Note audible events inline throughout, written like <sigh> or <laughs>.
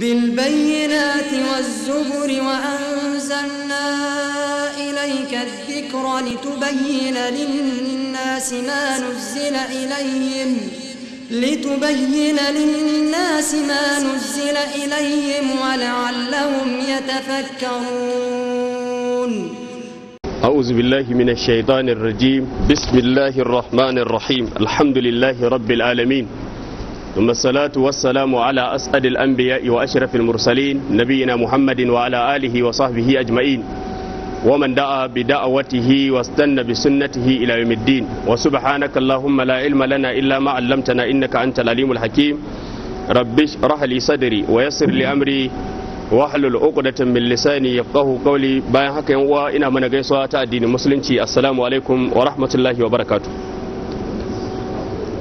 بالبينات والزبر وأنزلنا إليك الذكر لتبين للناس ما نزل إليهم لتبين للناس ما نزل إليهم ولعلهم يتفكرون أعوذ بالله من الشيطان الرجيم بسم الله الرحمن الرحيم الحمد لله رب العالمين ثم الصلاة والسلام على أسعد الأنبياء وأشرف المرسلين نبينا محمد وعلى آله وصحبه أجمعين ومن دعا بدعوته واستنى بسنته إلى يوم الدين وسبحانك اللهم لا علم لنا إلا ما علمتنا إنك أنت العليم الحكيم رب اشرح لي صدري ويسر لي أمري واحلل عقدة من لساني يفقه قولي bayan haka وإنا من ina mana gaisuwa ta addinin musulunci assalamu alaikum wa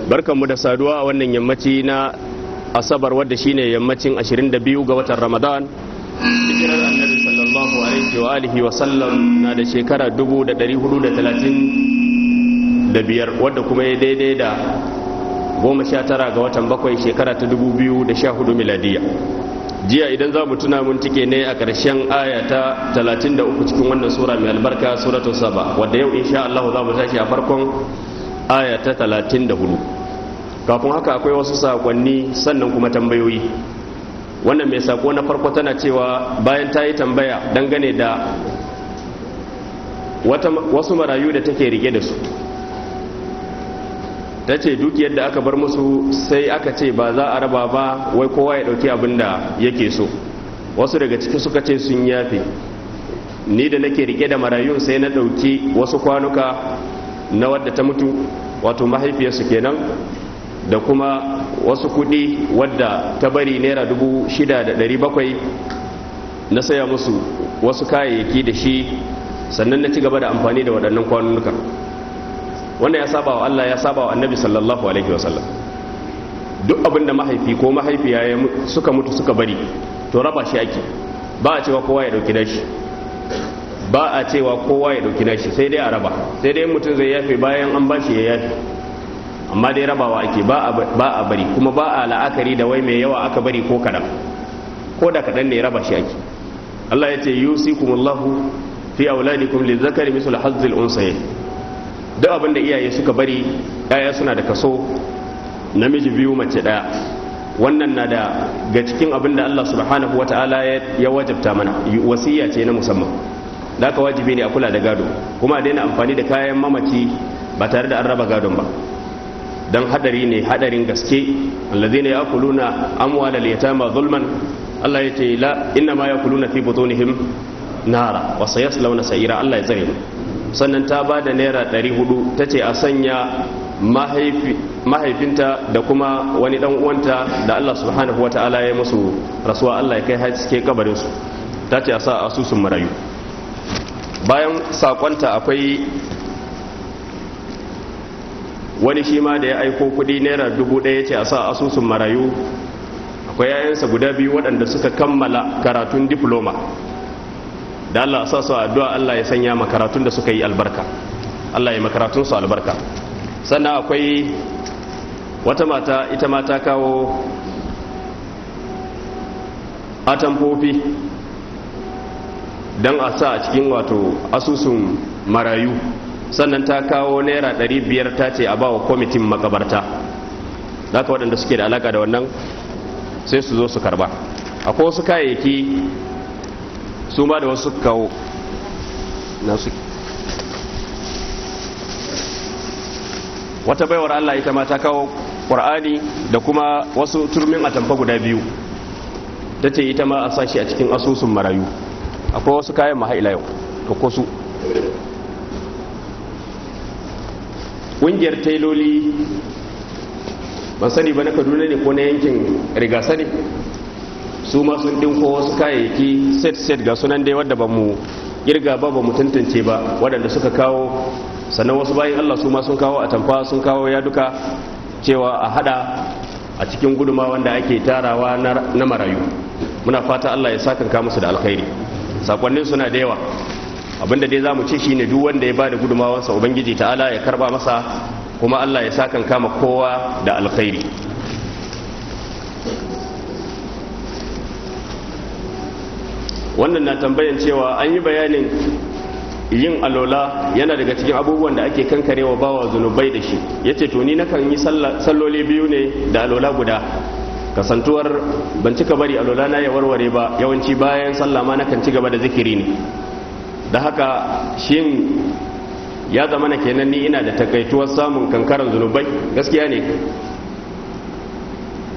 barkanmu da saduwa a wannan yammaci na asabar wadda shine yammacin 22 ga watan ramadan wa wa sallam na da shekara 435 wadda kuma ya daidai da 19 ga watan bakwai shekara ta 2014 miladiya jiya idan za mu tuna mun tike ne a ƙarshen aya ta 33 cikin wannan sura mai albarka suratul saba wadda yau insha Allah za mu tashi a farkon aya ta 34 kafin haka akwai wasu sakonni sannan kuma tambayoyi wannan mai sako na farko tana cewa bayan ta yi tambaya dangane da wasu marayu da take rike da su ta ce dukiyar da aka bar musu sai aka ce ba za a raba ba wai kowa ya dauki abin da yake so wasu daga ciki suka ce sun yafe ni da nake rike da marayun sai na dauki wasu kwanuka na wadda ta mutu wato mahaifiyarsu kenan da kuma wasu kuɗi wadda ta bari naira dubu shida da ɗari bakwai na saya musu wasu kayayyaki da shi sannan na ci gaba da amfani da waɗannan kwanunuka wannan ya saba wa Allah ya saba wa annabi sallallahu alaihi wasallam duk abin da mahaifi ko mahaifiya suka mutu suka bari to raba shi ake ba a cewa kowa ya ɗauki nashi ba a cewa kowa ya ɗauki nashi sai dai a raba sai dai mutum zai yafe bayan an bashi ya yafe amma dai rabawa ake ba a bari kuma ba a la'akari da wai mai yawa aka bari ko kaɗan ko da kaɗan ne raba shi ake Allah ya ce yusikumullahu fi auladikum lizakari misal hazzil unsaye duk abin da iyaye suka bari yaya suna da kaso namiji biyu mace ɗaya wannan na da ga cikin abin da Allah subhanahu wata'ala ya wajabta mana wasiya ce na musamman da aka wajibi ne a kula da gado kuma a daina amfani da kayan mamaci ba tare da an raba gadon ba dan hadari ne hadarin gaske allazina yakuluna al yatama zulman Allah ya ce la inna ma yakuluna fi butunihim nara wa sayaslawna sa'ira Allah ya tsare mu sannan ta ba da naira 400 tace a sanya mahaifinta da kuma wani dan uwanta da Allah subhanahu wata'ala ya musu rasuwa Allah ya kai ke kabarin su tace a sa asusun marayu bayan sakonta akwai wani shi ma da ya aiko kudi naira dubu ɗaya ce a sa asusun marayu akwai yayansa guda biyu waɗanda suka kammala karatun diploma da Allah sa su addu'a Allah ya sanya makaratun da suka yi albarka Allah ya makaratun su albarka sannan akwai wata mata ita ma ta kawo atamfofi don a sa a cikin wato asusun marayu sannan ta kawo naira ɗari biyar ta ce a ba wa kwamitin makabarta za ka waɗanda suke da alaƙa da wannan sai su zo su karba akwai wasu kayayyaki su ma da wasu kawo na su wata baiwar allah ita ma ta kawo ƙwar'ani da kuma wasu turmin atamfa guda biyu ta ce ita ma a sashi a cikin asusun marayu akwai wasu kayan mahaila yau to ko su ƙungiyar tailoli ban sani ba na kaduna ne ko na yankin rigasa ne su ma sun ɗinko wasu kayayyaki set set ga sunan dai wadda ba mu girga ba ba mu tantance ba waɗanda suka kawo sannan wasu bayan allah su ma sun kawo a tamfa sun kawo ya duka cewa a hada a cikin guduma wanda ake tarawa na marayu muna fata allah ya sakanka musu da alkhairi sakonnin suna da yawa abinda dai za mu ce shine duk wanda ya bada gudumawansa ubangiji ta'ala ya karba masa kuma Allah ya sakan kama kowa da alkhairi wannan na tambayan cewa an yi bayanin yin alola yana daga cikin abubuwan da ake kankare wa bawa zunubai da shi ya ce to ni nakan yi salloli biyu ne da alola guda kasantuwar ban cika bari alola na ya warware ba yawanci bayan sallama ma nakan ci gaba da zikiri ne da haka shin ya zama na kenan ni ina da takaituwar samun kankaran zunubai gaskiya ne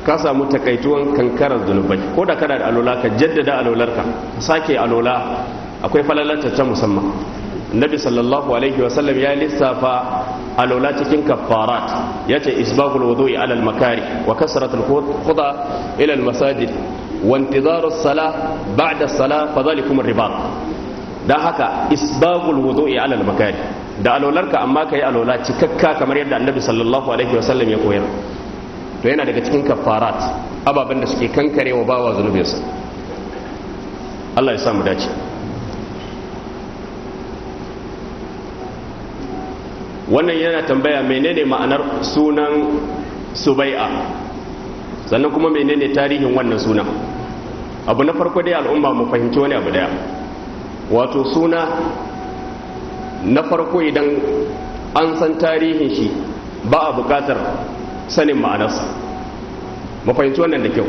ka samu takaituwan kankaran zunubai ko da kana da alola ka jaddada alolarka sake alola akwai falalarta ta musamman nabi sallallahu alaihi wasallam ya lissafa alola cikin kafarat ya ce isbagul wudu'i ala makari wa kasratul khuda ila al masajid wa intizaru salah ba'da as-salah fa ribat don haka isbagul wudu'i alal makari da alolarka amma ka yi alola cikakka kamar yadda annabi sallallahu alaihi wasallam ya koyar to yana daga cikin kafarat ababen da suke kankare wa bawa zunubinsa Allah ya samu dace wannan yana tambaya menene ma'anar sunan subai'a sannan kuma menene tarihin wannan sunan abu na farko dai al'umma mu fahimci wani abu daya wato suna na farko idan an san tarihin shi ba a bukatar sanin ma'anarsa mafahimci wannan da kyau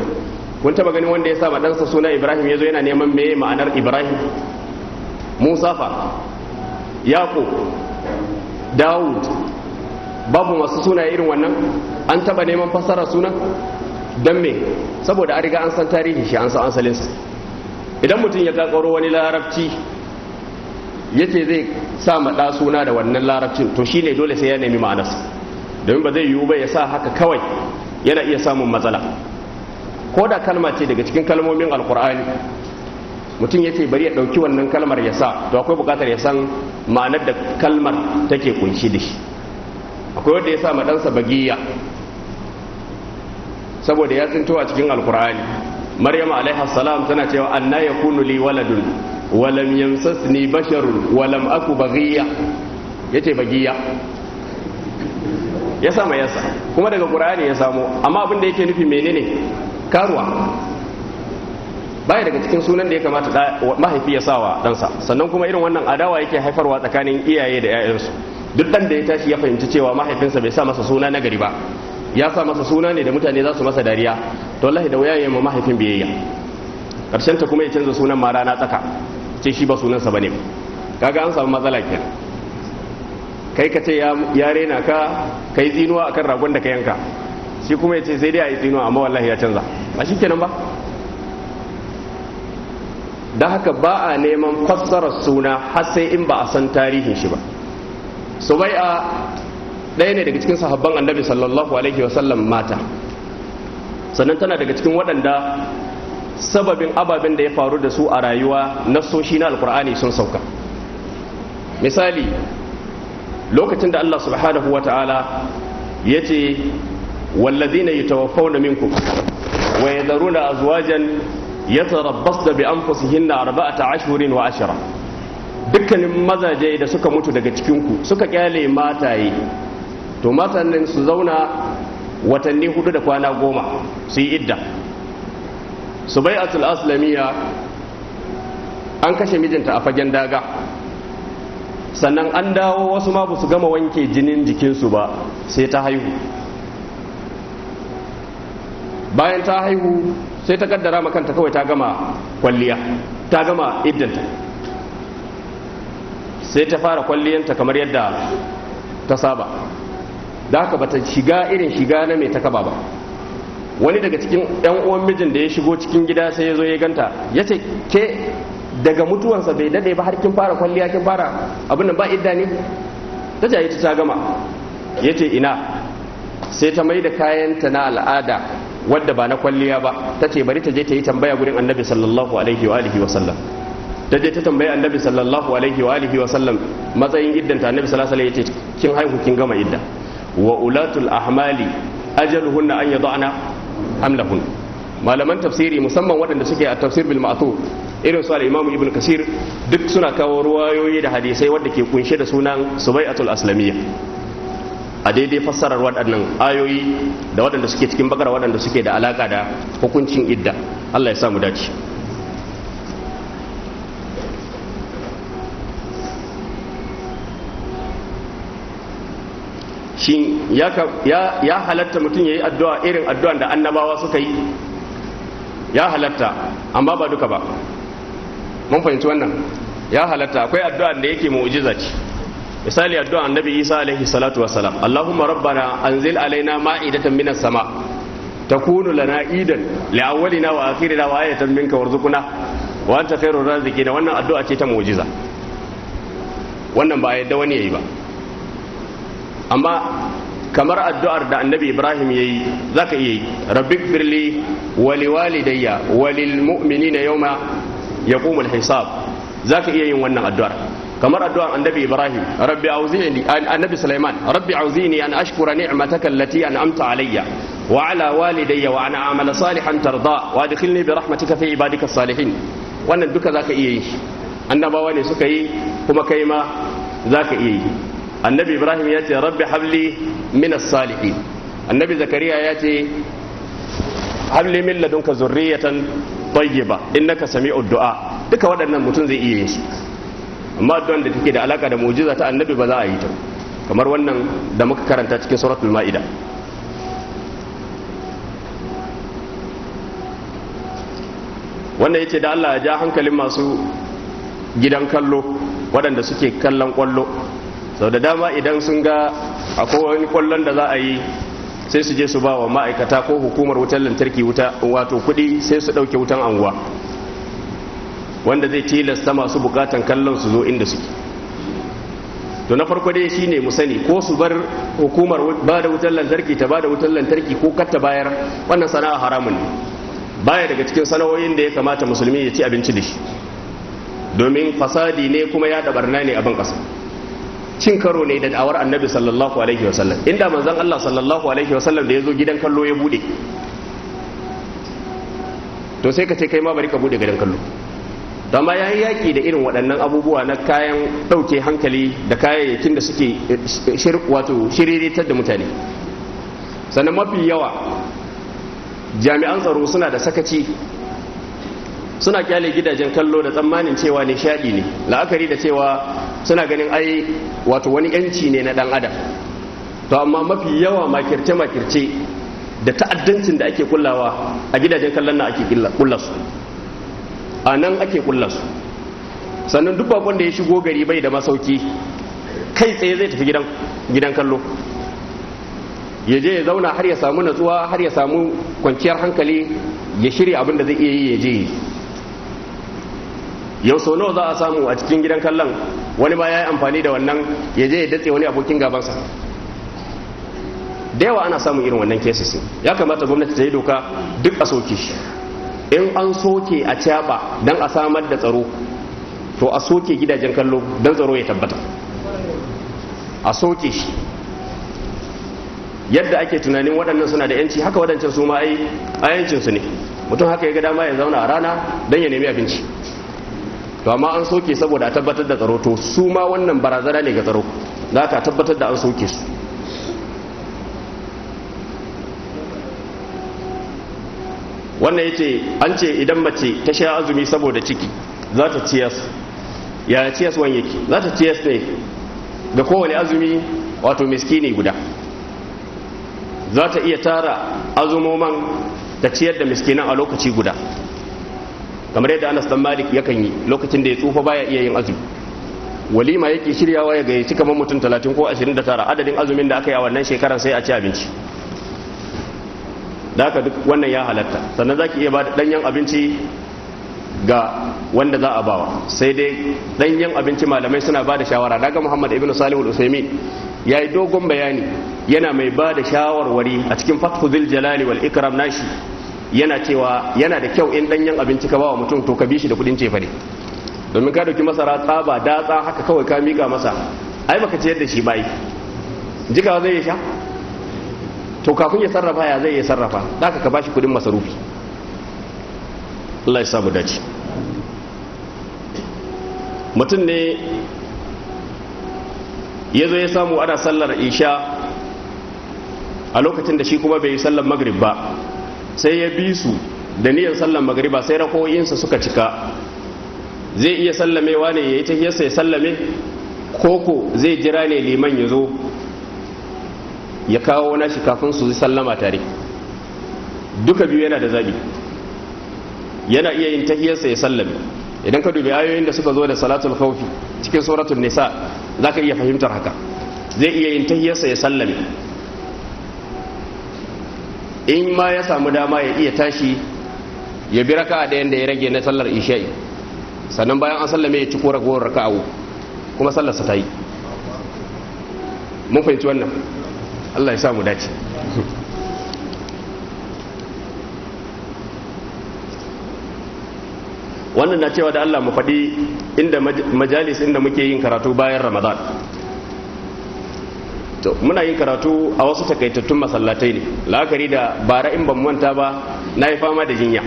kun taba gani wanda ya sa ɗansa suna ibrahim ya zo yana neman meye ma'anar ibrahim musa yaƙo dawud babu masu suna irin wannan an taba neman fassara suna don me saboda an riga an san tarihin shi an san asalinsa idan mutum ya kakaro wani larabci ya zai sa maɗa suna da wannan larabcin to shi ne dole sai ya nemi ma'anarsa domin ba zai yiwu ba ya sa haka kawai yana iya samun matsala ko da kalma ce daga cikin kalmomin alkur'ani mutum ya bari ya ɗauki wannan kalmar ya sa to akwai buƙatar ya san ma'anar da kalmar take kunshi da shi akwai wanda ya sa maɗansa bagiya saboda ya tsinto a cikin alkur'ani maryam alaiha salam tana cewa anna yakunu li waladun walam yamsasni basharun walam aku baghiya yace baghiya ya sama sa kuma daga qur'ani ya samo amma abin da yake nufi menene karuwa baya daga cikin sunan da ya kamata mahaifi ya sawa ɗansa sannan kuma irin wannan adawa yake haifarwa tsakanin iyaye da 'ya'yansu duk ɗan da ya tashi ya fahimci cewa mahaifinsa bai sa masa suna na gari ba ya sa masa suna ne da mutane za su masa dariya to wallahi da wayaye ma mahaifin biyayya karshen ta kuma ya canza sunan ma rana tsaka ce shi ba sunansa bane kaga an samu matsala kenan kai ka ce ya rena ka kai zinuwa akan ragon da ka yanka shi kuma ya ce sai dai a yi zinuwa amma wallahi ya canza ba shi kenan ba da haka ba a neman fassarar suna har sai in ba a san tarihin shi ba subai'a ɗaya ne daga cikin sahabban annabi sallallahu alaihi wasallam mata sannan tana daga cikin waɗanda sababin ababen da ya faru da su a rayuwa na nasoshi na alkur'ani sun sauka misali lokacin da allah subhanahu wata'ala ya ce wallazina yatawaffawna minkum wa yadharuna azwajan yatarabbasna bi anfusihinna arba'ata ashhurin wa ashara dukkanin mazaje da suka mutu daga cikin ku suka kyale mataye to matanin su zauna watanni hudu da kwana goma su yi idda su bai atul aslamiya an kashe mijinta a fagen daga sannan an dawo wasu ma su gama wanke jinin jikinsu ba sai ta haihu bayan ta haihu sai ta kaddara makanta kawai ta gama kwalliya ta gama iddanta sai ta fara kwalliyanta kamar yadda ta saba da haka bata shiga irin shiga na mai takaba ba wani daga cikin yan uwan mijin da ya shigo cikin gida sai ya zo ya ganta ya ce ke daga mutuwansa bai dade ba har kin fara kwalliya kin fara abin nan ba idda ne ta jaye ta ta gama ya ce ina sai ta mai da kayanta na al'ada wadda ba na kwalliya ba ta ce bari ta je ta yi tambaya gurin annabi sallallahu alaihi wa alihi wa sallam ta je ta tambaya annabi sallallahu alaihi wa alihi wa sallam matsayin iddanta annabi sallallahu alaihi wa sallam ya ce kin haihu kin gama idda wa ulatul ahmali ajaluhunna an yada'na amlahun malaman tafsiri musamman waɗanda suke a tafsir bil ma'thur irin su al-imam ibn kasir duk suna kawo ruwayoyi da hadisai wanda ke kunshe da sunan subai'atul aslamiyya a daidai fassarar waɗannan ayoyi da waɗanda suke cikin bakar waɗanda suke da alaka da hukuncin idda Allah ya samu dace shin ya halatta mutum ya yi addu'a irin addu'an da annabawa suka yi ya halatta amma ba duka ba mun fahimci wannan ya halatta akwai addu'an da yake mu'ujiza ce misali addu'a annabi isa alaihi salatu wassalam allahumma rabbana anzil alaina ma'idatan minas sama ta kunu lana idan la’awalina wa akirina wa ayatan minka warzukuna wa anta khairur raziqin wannan addu'a ce ta mu'jiza wannan ba yadda wani yayi ba amma kamar addu'ar da annabi ibrahim ya yi za ka iya yi rabbik firli wali walidayya walil mu'minina yawma yaqumul hisab za ka iya yin wannan addu'ar kamar addu'ar annabi ibrahim rabbi auzini annabi sulaiman rabbi auzini an ashkura ni'mataka allati an'amta alayya wa ala walidayya wa ana amala salihan tarda wa adkhilni bi rahmatika fi ibadika salihin wannan duka za ka iya yi annabawa ne suka yi kuma kai ma za ka iya yi annabi ibrahim ya ce rabbi habli min salihin annabi zakariya ya ce habli min ladunka zurriyatan tayyiba innaka sami'ud du'a duka waɗannan mutum zai iya yin su amma addu'an da take da alaka da mu'jiza ta annabi ba za a yi ta kamar wannan da muka karanta cikin suratul ma'ida wannan yace da Allah ya ja hankalin masu gidan kallo waɗanda suke kallon kwallo sau da dama idan sun ga akwai wani kwallon da za a yi sai su je su ba wa ma'aikata ko hukumar wutar lantarki wuta wato kuɗi sai su ɗauke wutan anguwa wanda zai tilasta masu bukatan kallon su zo inda suke to na farko dai shine mu sani ko su bar hukumar ba da wutar lantarki ta ba da wutar lantarki ko katta bayar wannan sana'a haramun ne baya daga cikin sana'o'in da ya kamata musulmi ya ci abinci da shi domin fasadi ne kuma ya barna ne a ban ƙasa cin karo ne da da'awar annabi sallallahu alaihi wasallam inda manzon Allah sallallahu alaihi wasallam da ya zo gidan kallo ya bude to sai ka ce kai ma bari ka bude gidan kallo don ba ya yi da irin waɗannan abubuwa na kayan ɗauke hankali da kayayyakin da suke eh, wato shiriritar da mutane sannan mafi yawa jami'an tsaro suna da sakaci suna kyale gidajen kallo da tsammanin cewa nishaɗi ne la'akari da cewa suna ganin ai wato wani yanci ne na dan adam to amma mafi yawa makirce makirce da ta'addancin da ake kullawa a gidajen kallon na ake kullasu a nan ake kullasu sannan duk bakon da ya shigo gari bai da masauki kai tsaye zai tafi gidan kallo ya je ya zauna har ya samu natsuwa har ya samu kwanciyar hankali ya shirya abin da zai iya yi ya je yau sau nawa za a samu a cikin gidan kallon wani ma ya yi amfani da wannan ya je ya datse wani abokin gabansa da yawa ana samun irin wannan kesisi ya kamata gwamnati ta yi doka duk a soke shi in an soke a caba don a samar da tsaro to a soke gidajen kallo don tsaro ya tabbata a soke shi yadda ake tunanin waɗannan suna da yanci haka waɗancan su ma a yancinsu ne mutum haka ya ga dama ya zauna a rana don ya nemi abinci to amma an soke saboda a tabbatar da tsaro to su ma wannan barazana ne ga tsaro za ka tabbatar da an soke su wannan ya ce an ce idan mace ta sha azumi saboda ciki za ta ciyas ya ciyas wani yake za ta ciyas ne ga kowane azumi wato miski ne guda za ta iya tara azumoman ta ciyar da miskinan a lokaci guda kamar yadda Anas dan Malik yakan yi lokacin da ya tsufa baya iya yin azumi walima yake shiryawa ya gayyaci kamar mutum 30 ko 29 adadin azumin da aka yi a wannan shekarar sai a ci abinci da haka duk wannan ya halatta sannan zaki iya bada danyen abinci ga wanda za a bawa sai dai danyen abinci malamai suna bada shawara daga Muhammad ibn Salih al ya yi dogon bayani yana mai bada shawarwari a cikin Fathul Jalali wal Ikram nashi yana cewa yana da kyau in danyen abinci ka bawa mutum to ka bi shi da kudin cefane domin ka dauki masara tsaba datsa haka kawai ka mika masa ai baka ciyar da shi bai jikawa zai ya sha to kafin ya sarrafa ya zai ya sarrafa da ka bashi kudin masarufi Allah ya samu dace mutum ne ya zo ya samu ana sallar isha a lokacin da shi kuma bai yi sallar magrib ba sai ya bi su da niyyar sallan magariba sai rakoyinsa suka cika zai iya sallamewa ne ya yi ta tahiyarsa ya sallame koko zai jira ne liman ya zo ya kawo na shi kafin su sallama tare duka biyu yana da zabi yana iya yin tahiyarsa ya sallame idan ka dubi ayoyin da suka zo da salatul khawfi cikin suratul nisa za ka iya fahimtar haka zai iya yin tahiyarsa ya sallame in ma ya samu dama ya iya tashi ya bi raka ɗayan da ya rage na sallar isha'i sannan bayan an sallame ya ci ko ragowar awu kuma sallarsa ta yi mun fahimci wannan Allah ya samu dace wannan na cewa da Allah mu faɗi inda majalis inda muke yin karatu bayan ramadan to muna yin karatu a wasu takaitattun masallatai ne la'akari da bara in ban manta ba na yi fama da jinya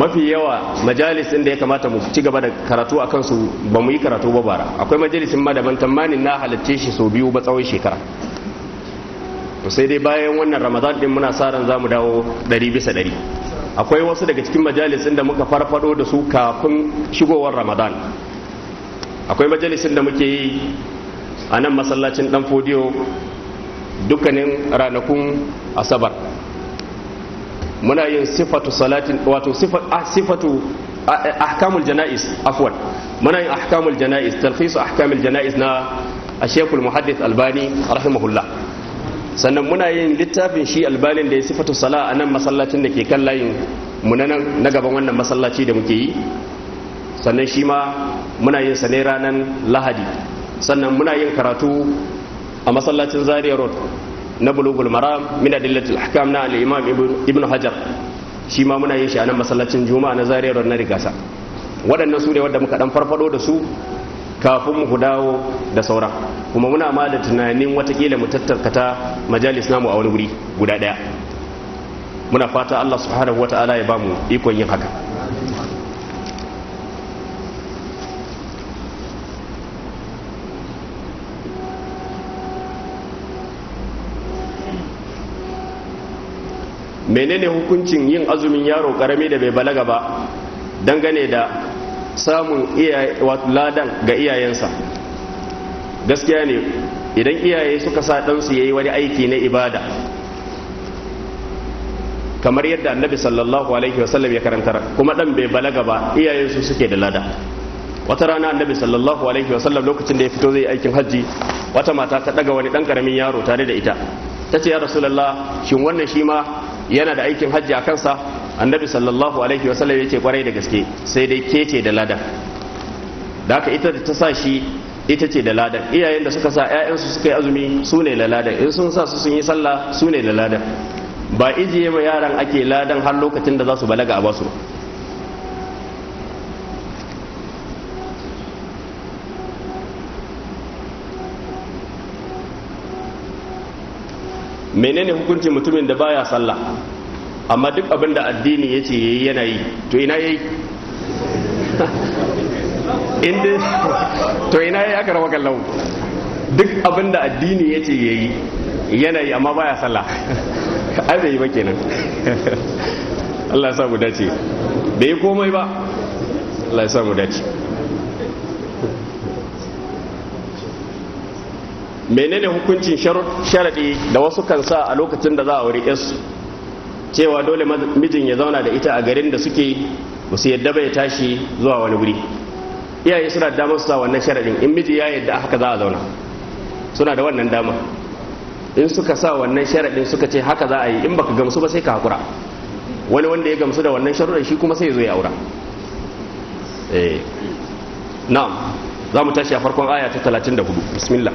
mafi yawa majalis da ya kamata mu ci gaba da karatu a kansu ba mu yi karatu ba bara akwai majalisin ma daban tamanin na halarce shi sau biyu ba tsawon shekara sai dai bayan wannan ramadan din muna sa ran za mu dawo ɗari bisa ɗari akwai wasu daga cikin majalisin da muka farfado da su kafin shigowar ramadan akwai majalisin da muke yi a nan masallacin dan fodiyo dukkanin ranakun asabar muna yin sifatu salatin wato sifatu ahkamul jana'is afwan muna yin ahkamul jana'is talhisu ahkamul jana'is na ashekul muhaddith albani rahimahullah sannan muna yin littafin shi albanin da ya sifatu sala a nan masallacin da ke kan layin munanan na gaban wannan masallaci da muke yi sannan shi ma muna yin sa ne ranar lahadi sannan muna yin karatu a masallacin zaria road na bulugul maram min adillatul ahkam na al-imam ibnu hajar shi ma muna yin shi a nan masallacin juma'a na zaria road na rigasa waɗannan su ne wanda muka dan farfado da su kafin mu dawo da saura kuma muna ma da tunanin watakila mu tattarkata majalis namu a wani wuri guda ɗaya muna fata Allah subhanahu ta'ala ya ba mu ikon yin haka menene hukuncin yin azumin yaro karami da bai balaga ba dangane da samun ladan ga iyayensa gaskiya ne idan iyaye suka sa ɗansu ya yi wani aiki na ibada kamar yadda annabi sallallahu alaihi wasallam ya karantar kuma ɗan bai balaga ba iyayensu suke da lada wata rana annabi sallallahu alaihi wasallam lokacin da ya fito zai aikin hajji wata mata ta ɗaga wani ɗan ƙaramin yaro tare da ita ta ce ya rasulallah shin wannan shi ma yana da aikin hajji a kansa annabi sallallahu alaihi wasallam ya ce kwarai da gaske sai dai ke ce da ladan da haka ita da ta sa shi ita ce da ladan iyayen da suka sa 'ya'yansu suka yi azumi su ne da ladan in sun sa su sun yi sallah su ne da ladan ba ijiye ma yaran ake ladan har lokacin da za su balaga a basu menene hukuncin mutumin da baya sallah amma duk abin da addini ya ce yayi yana yi to ina yayi <laughs> inda to ina yayi aka rawa kallon duk abin da addini ya ce yayi yana yi amma baya sallah <laughs> ai bai yi ba kenan <laughs> Allah ya sa mu dace bai komai ba Allah ya sa mu dace menene hukuncin sharadi da wasu kan sa a lokacin da za a wuri yasu cewa dole mijin ya zauna da ita a garin da suke musu yadda bai tashi zuwa wani wuri iyaye suna da damar sa wannan sharadin in miji ya yadda haka za a zauna suna da wannan dama in suka sa wannan sharadin suka ce haka za a yi in baka gamsu ba sai ka hakura wani wanda ya gamsu da wannan sharadin shi kuma sai ya zo ya aura eh na'am za mu tashi a farkon aya ta 34 bismillah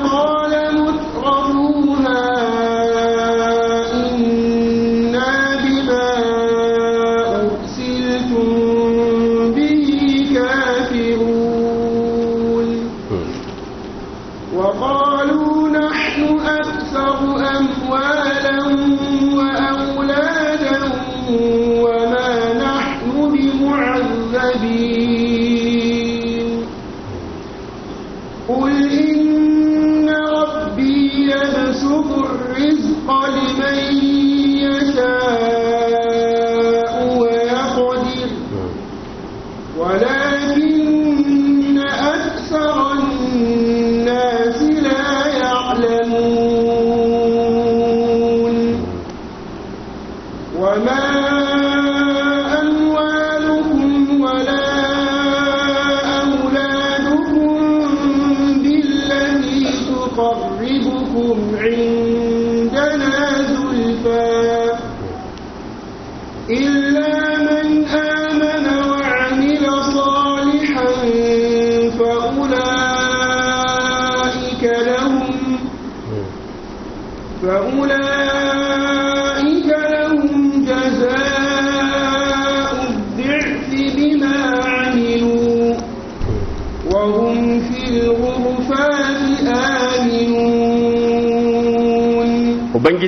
amor.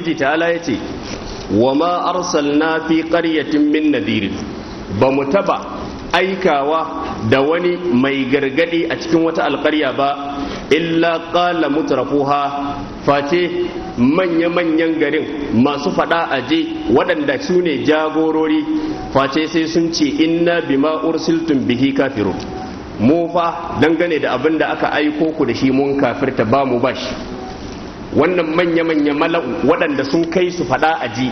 ubangiji ta'ala ala yace wa ma arsalna fi qaryatin min nadir ba mu taba aikawa da wani mai gargadi a cikin wata alƙarya ba illa qala mutrafuha face manya-manyan garin masu fada aje waɗanda su ne jagorori face sai sun ce inna bima ursiltum bihi kafirun mu fa dangane da abin da aka aiko ku da shi mun kafirta ba mu bashi wannan manya-manya mala'u waɗanda sun kai su faɗa a ji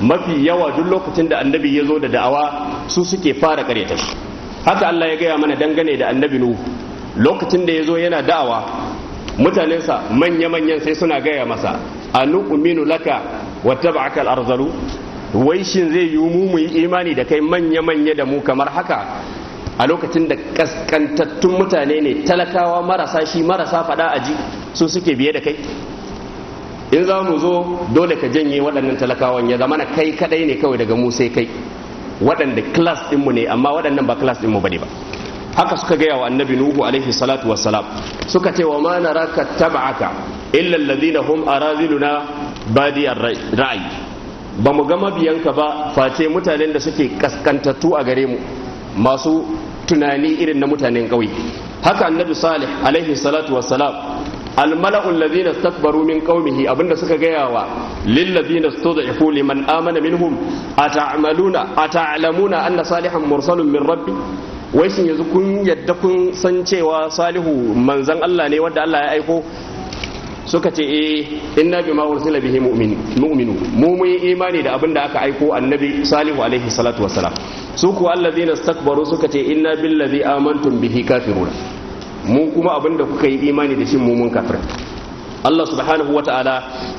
mafi yawa duk lokacin da annabi ya zo da da'awa su suke fara karyata shi haka Allah ya gaya mana dangane da annabi nuhu lokacin da ya zo yana da'awa mutanensa manya-manyan sai suna gaya masa a nu'minu laka wa tab'aka al-arzalu wai shin zai yi mu mu yi imani da kai manya-manya da mu kamar haka a lokacin da kaskantattun mutane ne talakawa marasa shi marasa faɗa aji su suke biye da kai in za mu zo dole ka janye waɗannan talakawan ya zama na kai kaɗai ne kawai daga mu sai kai waɗanda class ɗinmu ne amma waɗannan ba class ɗinmu ne ba haka suka gaya wa annabi nuhu alaihi salatu wassalam suka ce wa ma naraka tab'aka illa alladhina hum araziluna badiyar ra'ayi ba mu ga ka ba face mutanen da suke kaskantattu a gare mu masu tunani irin na mutanen ƙauye haka annabi salih alaihi salatu wassalam almala'u allazina istakbaru min qaumihi abinda suka gaya wa lil ladina istud'ifu liman amana minhum ata'maluna ata'lamuna anna salihan mursalun min rabbi wai sun yanzu kun yadda kun san cewa salihu manzan Allah ne wanda Allah ya aiko suka ce eh inna bima ursila bihi mu'minu mu mun yi imani da abinda aka aiko annabi salihu alaihi salatu wassalam su ku allazina istakbaru suka ce inna billazi amantum bihi kafiruna mu kuma abin da kuka yi imani da shi mu mun kafir Allah subhanahu wa ta'ala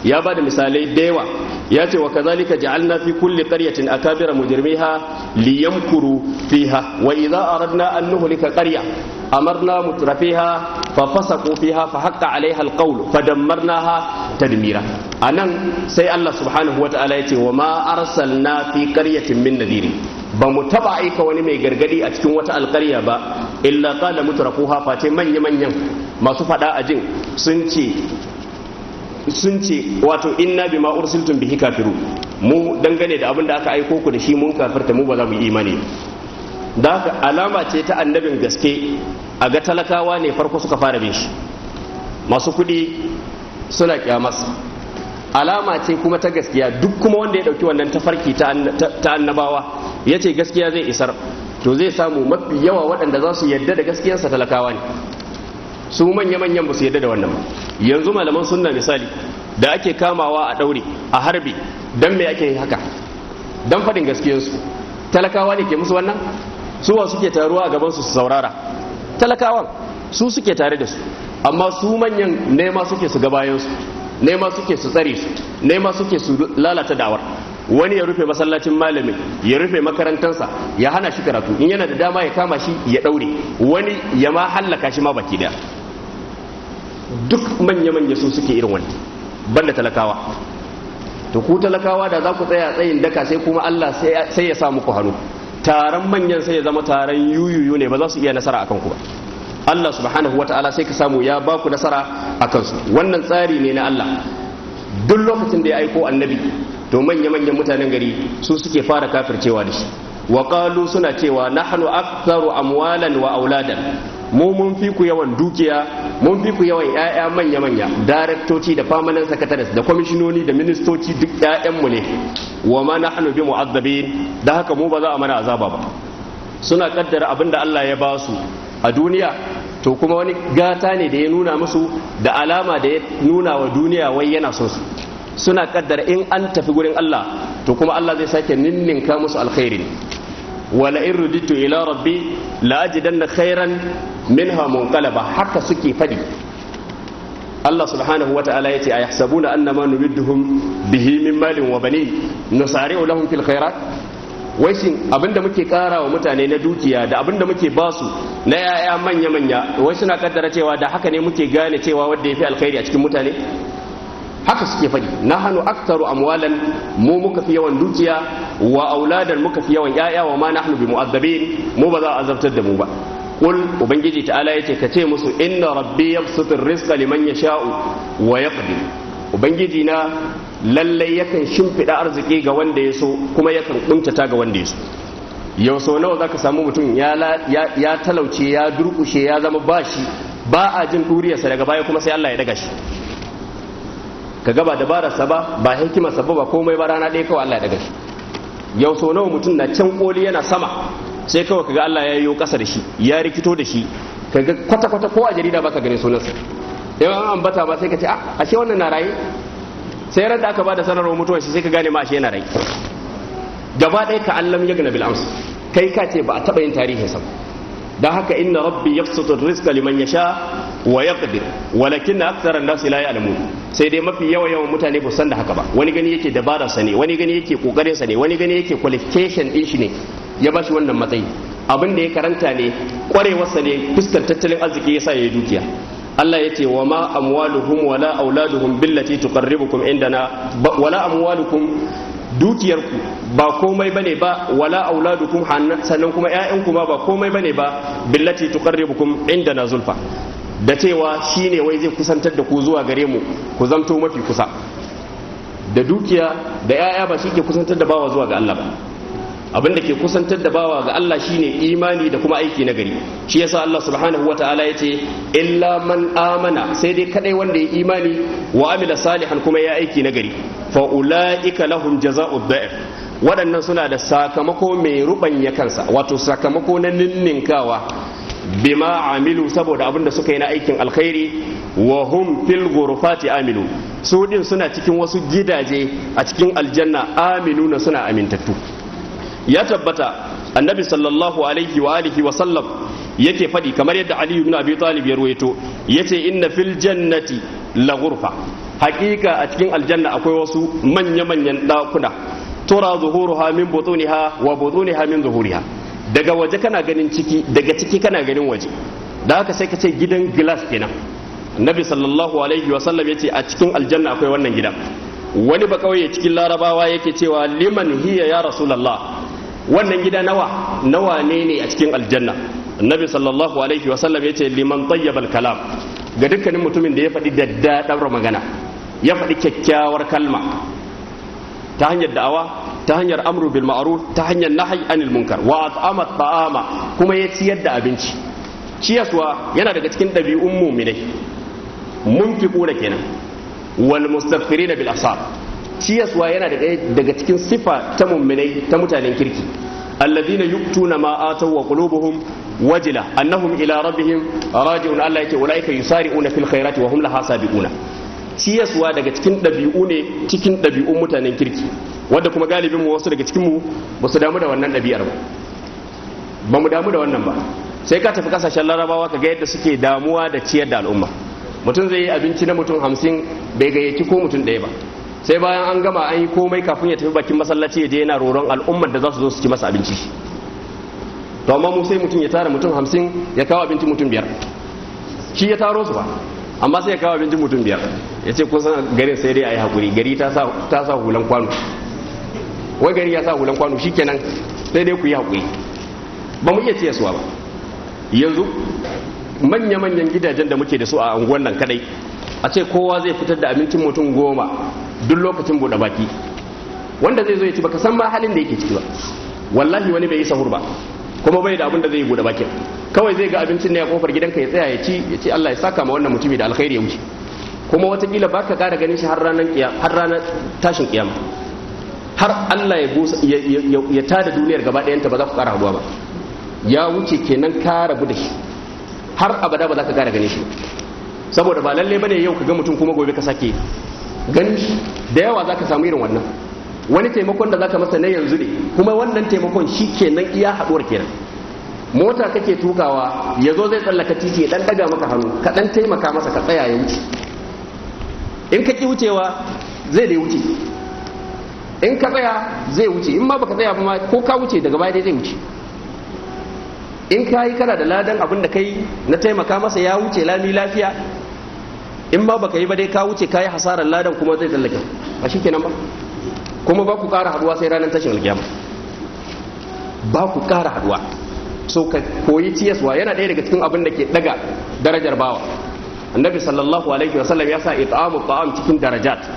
ya ba da misalai da yawa ya ce wa kazalika ja'alna fi kulli qaryatin akabira mujrimiha liyamkuru fiha wa idza aradna an nuhlika qarya amarna mutrafiha fa fasaqu fiha fa haqqa 'alayha alqawlu fadammarnaha tadmira anan sai Allah subhanahu wa ta'ala ya ce wa ma arsalna fi qaryatin min nadiri ba mu taba aika wani mai gargadi a cikin wata alƙarya ba illa qala mutrafuha face manya manyan masu fada jin sun ce sun ce wato inna bima ursiltum bihi kafiru mu dangane da abin da aka aiko ku da shi mun kafirta mu ba za mu yi imani da haka alama ce ta annabin gaske a ga talakawa ne farko suka fara bin shi masu kuɗi suna kyamas alama ce kuma ta gaskiya duk kuma wanda ya ɗauki wannan tafarki ta annabawa yace ce gaskiya zai isar to zai samu mafi yawa waɗanda za su yadda da gaskiyarsa talakawa ne su manya-manyan ba su yadda da wannan ba yanzu malaman suna misali da ake kamawa a ɗaure a harbi don me ake haka don faɗin gaskiyarsu talakawa ne ke musu wannan suwa suke taruwa a gabansu su saurara talakawan su suke tare da su amma su manyan nema suke su gabayansu nema suke su tsare su nema suke su lalata dawar wani ya rufe masallacin malamin ya rufe makarantarsa ya hana shi karatu in yana da dama ya kama shi ya daure wani ya ma hallaka shi ma baki daya duk manya-manya sun suke irin wani banda talakawa to ku talakawa da za ku tsaya tsayin daka sai kuma Allah sai ya sa muku hannu taron manyan sai ya zama taron yuyuyu ne ba za su iya nasara akan ku ba Allah subhanahu wata'ala sai ka samu ya ba ku nasara akan su wannan tsari ne na Allah duk lokacin da ya aiko annabi to manya-manyan mutanen gari su suke fara kafircewa da shi wa suna cewa nahnu aktharu amwalan wa auladan mu mun fi ku yawan dukiya mun fi ku yawan yaya manya-manya daraktoci da permanent secretaries da kwamishinoni da ministoci duk mu ne wa ma nahnu bi mu'azzabin da haka mu ba za a mana azaba ba suna kaddara abin da Allah ya ba su a duniya to kuma wani gata ne da ya nuna musu da alama da ya nuna wa duniya wai yana so su suna kaddara in an tafi gurin Allah to kuma Allah zai sake ninninka musu alkhairi wala in ila rabbi la ajidanna khairan minha munqalaba haka suke fadi Allah subhanahu wa ta'ala yace ayahsabuna annama numidduhum bihi min malin wa banin nusari'u lahum fil khairat wai shin abinda muke kara wa mutane na dukiya da abinda muke basu na yaya manya manya wai suna kaddara cewa da haka ne muke gane cewa wanda yafi alkhairi a cikin mutane haka suke fadi hannu aktaru amwalan mu muka fi yawan dukiya wa auladan muka fi yawan yaya wa ma nahnu bimu'azzabin mu ba za a azabtar da mu ba qul ubangiji ta'ala yace ka ce musu inna rabbi yabsutu rizqa liman yasha'u wa yaqdir ubangiji na lallai yakan shimfiɗa arziki ga wanda ya so kuma yakan kuntata ga wanda ya so yau sau nawa zaka samu mutum ya talauce ya durkushe ya zama bashi ba a jin ɗuriyarsa daga baya kuma sai Allah ya daga shi ka gaba dabararsa ba ba hikimarsa ba ba komai ba rana ɗaya kawai Allah ya daga shi yau so nawa mutum na can koli yana sama sai kawai kaga Allah ya yi ƙasa da shi ya rikito da shi kaga kwata kwata ko a jarida baka gane sunansa yau an ambata ba sai ka ce a ah, ashe wannan na raye sai ran da aka bada sanarwar mutuwar shi sai ka gane ma ashe yana raye gaba ɗaya ka allam ya gana bil'ams kai ka ce ba a taɓa yin tarihin sa don haka inna rabbi ya fito rizqa liman yasha wa yaqdir walakin aktharan nas la ya'lamun sai dai mafi yawa yawan mutane ba san da haka ba wani gani yake dabara sa ne wani gani yake kokarin sa ne wani gani yake qualification din shi ne ya ba shi wannan matsayi abin da ya karanta ne kwarewar sa ne fuskar tattalin arziki yasa ya yi dukiya Allah ya ce wa ma amwaluhum wala auladuhum billati tuqarribukum indana wala amwalukum dukiyarku ba komai bane ba wala auladukum sannan kuma ƴaƴanku ma ba komai bane ba billati tuqarribukum indana zulfa da cewa shi ne wai zai kusantar da ku zuwa gare mu ku zamto mafi kusa da dukiya da 'ya'ya ba shi ke kusantar da bawa zuwa ga Allah ba abin ke kusantar da bawa ga Allah shi ne imani da kuma aiki na gari shi yasa Allah subhanahu wa ta'ala ya ce, illa man amana sai dai kadai wanda ya imani wa amila salihan kuma ya aiki na gari fa ulaika lahum jazaa'ud da'if waɗannan suna da sakamako mai rubanya kansa wato sakamako na ninninkawa bima amilu saboda abin da suka yi na aikin alkhairi wa hum fil aminu su din suna cikin wasu gidaje a cikin aljanna aminu na suna amintattu ya tabbata annabi sallallahu alaihi wa alihi wa sallam yake fadi kamar yadda ali ibn abi talib ya ruwaito yace inna fil jannati la ghurfa hakika a cikin aljanna akwai wasu manya-manyan dakuna tura zuhuruha min butuniha wa butuniha min zuhuriha daga waje kana ganin ciki daga ciki kana ganin waje da haka sai ka ce gidan glass kenan nabi sallallahu alaihi wa sallam yace a cikin aljanna akwai wannan gida wani ba ya cikin larabawa yake cewa liman hiya ya rasulullah wannan gida nawa nawa ne ne a cikin aljanna nabi sallallahu alaihi wa sallam yace liman tayyibal kalam ga dukkanin mutumin da ya faɗi daddaɗar magana ya faɗi kyakkyawar kalma ta hanyar da'awa ta hanyar amru bil ma'ruf ta hanyar nahyi anil munkar wa at'ama ta'ama kuma ya ciyar da abinci ciyaswa yana daga cikin ɗabi'un mu'minai munfiquna kenan wal mustaghfirina bil asar ciyaswa yana daga cikin sifa ta mu'minai ta mutanen kirki alladhina yu'tuna ma ataw wa qulubuhum wajila annahum ila rabbihim raji'un Allah yake ulaika yusari'una fil khairati wa hum laha sabiquna ciyaswa daga cikin ɗabi'u ne cikin ɗabi'un mutanen kirki wanda kuma galibin mu wasu daga cikin mu ba su damu da wannan ɗabi'ar ba ba mu damu da wannan ba sai ka tafi kasashen larabawa ka ga yadda suke damuwa da ciyar da al'umma mutum zai yi abinci na mutum hamsin bai gayyaci ko mutum ɗaya ba sai bayan an gama an yi komai kafin ya tafi bakin masallaci ya je yana roron al'ummar da za su zo su ci masa abinci to amma mu sai mutum ya tara mutum hamsin ya kawo abinci mutum biyar shi ya taro su ba amma sai ya kawo abinci mutum biyar ya ce kun san garin sai dai a yi hakuri gari ta sa hulan kwano wai gari ya sa hulan kwano shikenan sai dai ku yi hakuri ba mu iya ciye suwa ba yanzu manya-manyan gidajen da muke da su a unguwan nan kadai a ce kowa zai fitar da abincin mutum goma duk lokacin bude baki wanda zai zo ya ci baka san ma halin da yake ciki ba wallahi wani bai yi sahur ba kuma bai da abin da zai bude baki kawai zai ga abincin ne a kofar gidanka ya tsaya ya ci ya ce Allah ya saka ma wannan mutumi da alkhairi ya wuce kuma watakila baka kara ganin shi har ranar tashin kiyama har Allah ya tada duniyar gaba ɗayanta ba za ku ƙara haɗuwa ba ya wuce kenan ka rabu da shi har abada ba za ka ƙara gane shi saboda ba lalle bane yau ka ga mutum kuma gobe ka sake gani da yawa za ka samu irin wannan wani taimakon da za ka masa na yanzu ne kuma wannan taimakon shi kenan iya haɗuwar kenan mota kake tukawa ya zo zai tsallaka titi ya ɗanɗaga ɗaga maka hannu ka ɗan taimaka masa ka tsaya ya wuce in ka ƙi wucewa zai da wuce in ka tsaya zai wuce in ma baka tsaya ba ko ka wuce daga baya zai wuce in ka yi kana da ladan abin da kai na taimaka masa ya wuce lami lafiya in ma baka yi ba dai ka wuce ka yi hasarar ladan kuma zai tsallake ba shi kenan ba kuma ba ku ƙara haduwa sai ranar tashin alkiyama ba ku ƙara haduwa so ka koyi ciyaswa yana ɗaya daga cikin abin da ke daga darajar bawa annabi sallallahu alaihi wasallam ya sa it'amu ta'am cikin darajat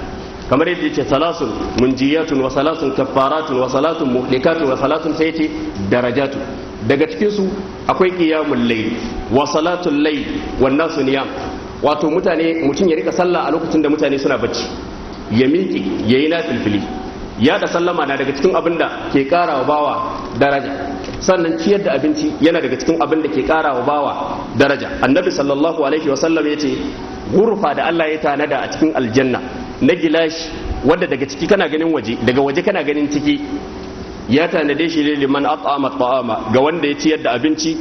kamar yadda yake salasun munjiyatun wa salasun kaffaratun wa salatun muhlikatun wa salatun sai yace darajatu daga cikin su akwai qiyamul layl wa salatul layl wan nasu niyam wato mutane mutum ya rika sallah a lokacin da mutane suna bacci ya miƙe yayi nafilfili ya da sallama na daga cikin abin da ke ƙara wa bawa daraja sannan ciyar da abinci yana daga cikin abin da ke ƙara wa bawa daraja annabi sallallahu alaihi wasallam ya ce gurfa da Allah ya tanada a cikin aljanna na gilashi wanda daga ciki kana ganin waje daga waje kana ganin ciki ya tanade shi ne liman at'ama ta'ama ga wanda ya ciyar da abinci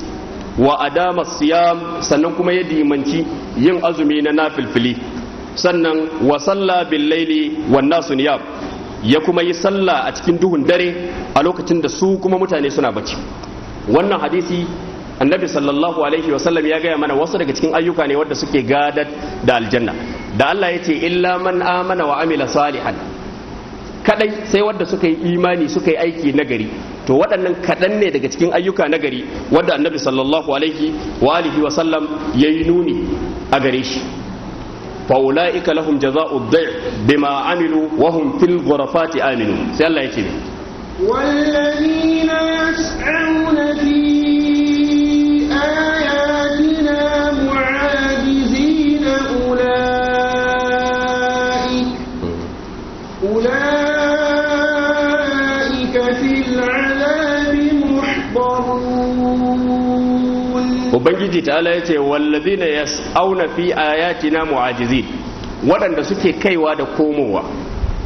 wa adama siyam sannan kuma ya dimanci yin azumi na nafilfili sannan wa salla bil laili wan nasu niyam ya kuma yi sallah a cikin duhun dare a lokacin da su kuma mutane suna bacci wannan hadisi annabi sallallahu alaihi wasallam ya gaya mana wasu daga cikin ayyuka ne wadda suke gadar da aljanna da Allah ya ce illa man amana wa amila salihan kadai sai wadda suka yi imani suka yi aiki nagari to waɗannan kaɗan ne daga cikin ayyuka nagari wadda annabi sallallahu alaihi wa alihi wa sallam yayi nuni a gare shi faula'ika lahum jaza'u dhai' bima amilu wa hum fil ghurafati aminu sai Allah ya ce والذين يسعون في ubangiji ta'ala ya ce wallazina yas'auna fi ayatina mu'ajizin waɗanda suke kaiwa da komowa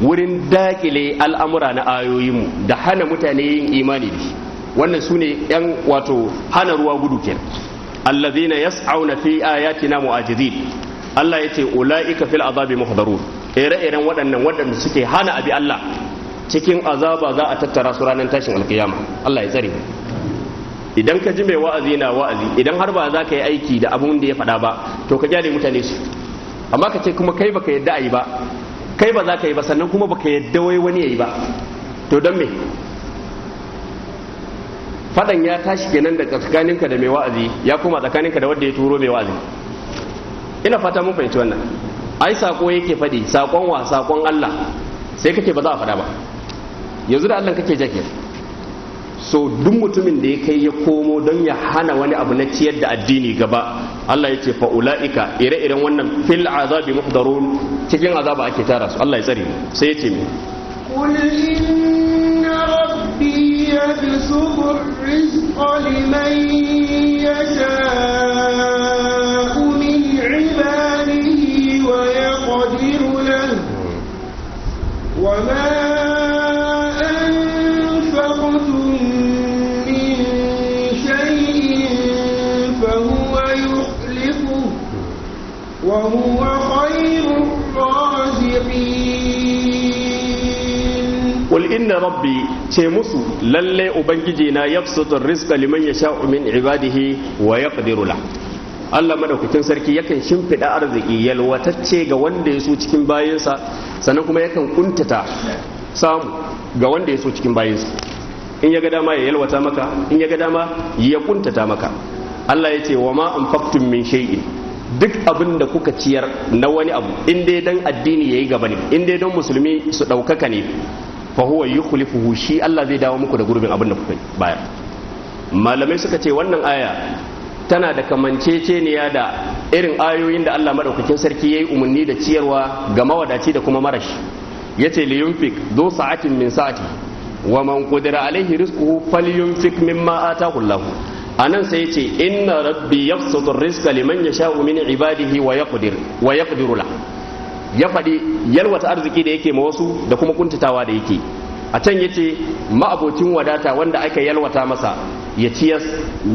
wurin dakile al'amura na ayoyinmu da hana mutane yin imani da shi wannan su ne yan wato hana ruwa gudu kenan allazina yas'auna fi ayatina mu'ajizin Allah ya ce ula'ika fil azabi muhdarun ire-iren waɗannan waɗanda suke hana abi Allah cikin azaba za a tattara su ranar tashin alkiyama Allah ya tsare mu idan ka ji mai wa'azi na wa'azi idan har ba za ka yi aiki da abun da ya faɗa ba to ka gyare mutane su amma ka ce kuma kai baka yadda a yi ba kai ba za ka yi ba sannan kuma baka yadda wai wani ya yi ba to don me faɗan ya tashi kenan da tsakaninka da mai wa'azi ya koma tsakaninka da wanda ya turo mai wa'azi ina fata mun fahimci wannan ai sako yake faɗi sakon wa sakon Allah sai kake ba za a faɗa ba yanzu da Allah kake jake so duk mutumin da ya kai ya komo don ya hana wani abu na ciyar da addini gaba Allah ya ce fa'ula'ika ire-iren wannan fil azabi muhdarun cikin azaba ake tara su Allah ya tsare sai ya ce mi قل الرزق لمن inna rabbi ce musu lalle ubangiji na yafsutu rizqa liman yasha'u min ibadihi wa yaqdiru la Allah madaukakin sarki yakan shimfida arziki yalwatacce ga wanda ya so cikin bayansa sannan kuma yakan kuntata samu ga wanda ya so cikin bayansa in ya ga dama ya yalwata maka in ya ga dama ya kuntata maka Allah ya ce wa ma anfaqtum min shay'in duk abin da kuka ciyar na wani abu in dai dan addini yayi gaba ne in dai dan musulmi su ɗaukaka ne fa huwa yukhlifuhu shi Allah zai dawo muku da gurbin abin da kuka bayar malamai suka ce wannan aya tana da kamanceceniya da irin ayoyin da Allah madaukakin sarki yayi umarni da ciyarwa ga mawadaci da kuma marashi yace li yunfik do sa'atin min sa'ati wa man qadara alaihi rizquhu falyunfik mimma ataahu Allah anan sai yace inna rabbi yabsutu rizqa liman yasha'u min ibadihi wa yaqdir wa yaqdiru lahu ya faɗi yalwata arziki da yake ma wasu da kuma kuntatawa da yake a can ya ce ma'abocin wadata wanda aka yalwata masa ya ciyas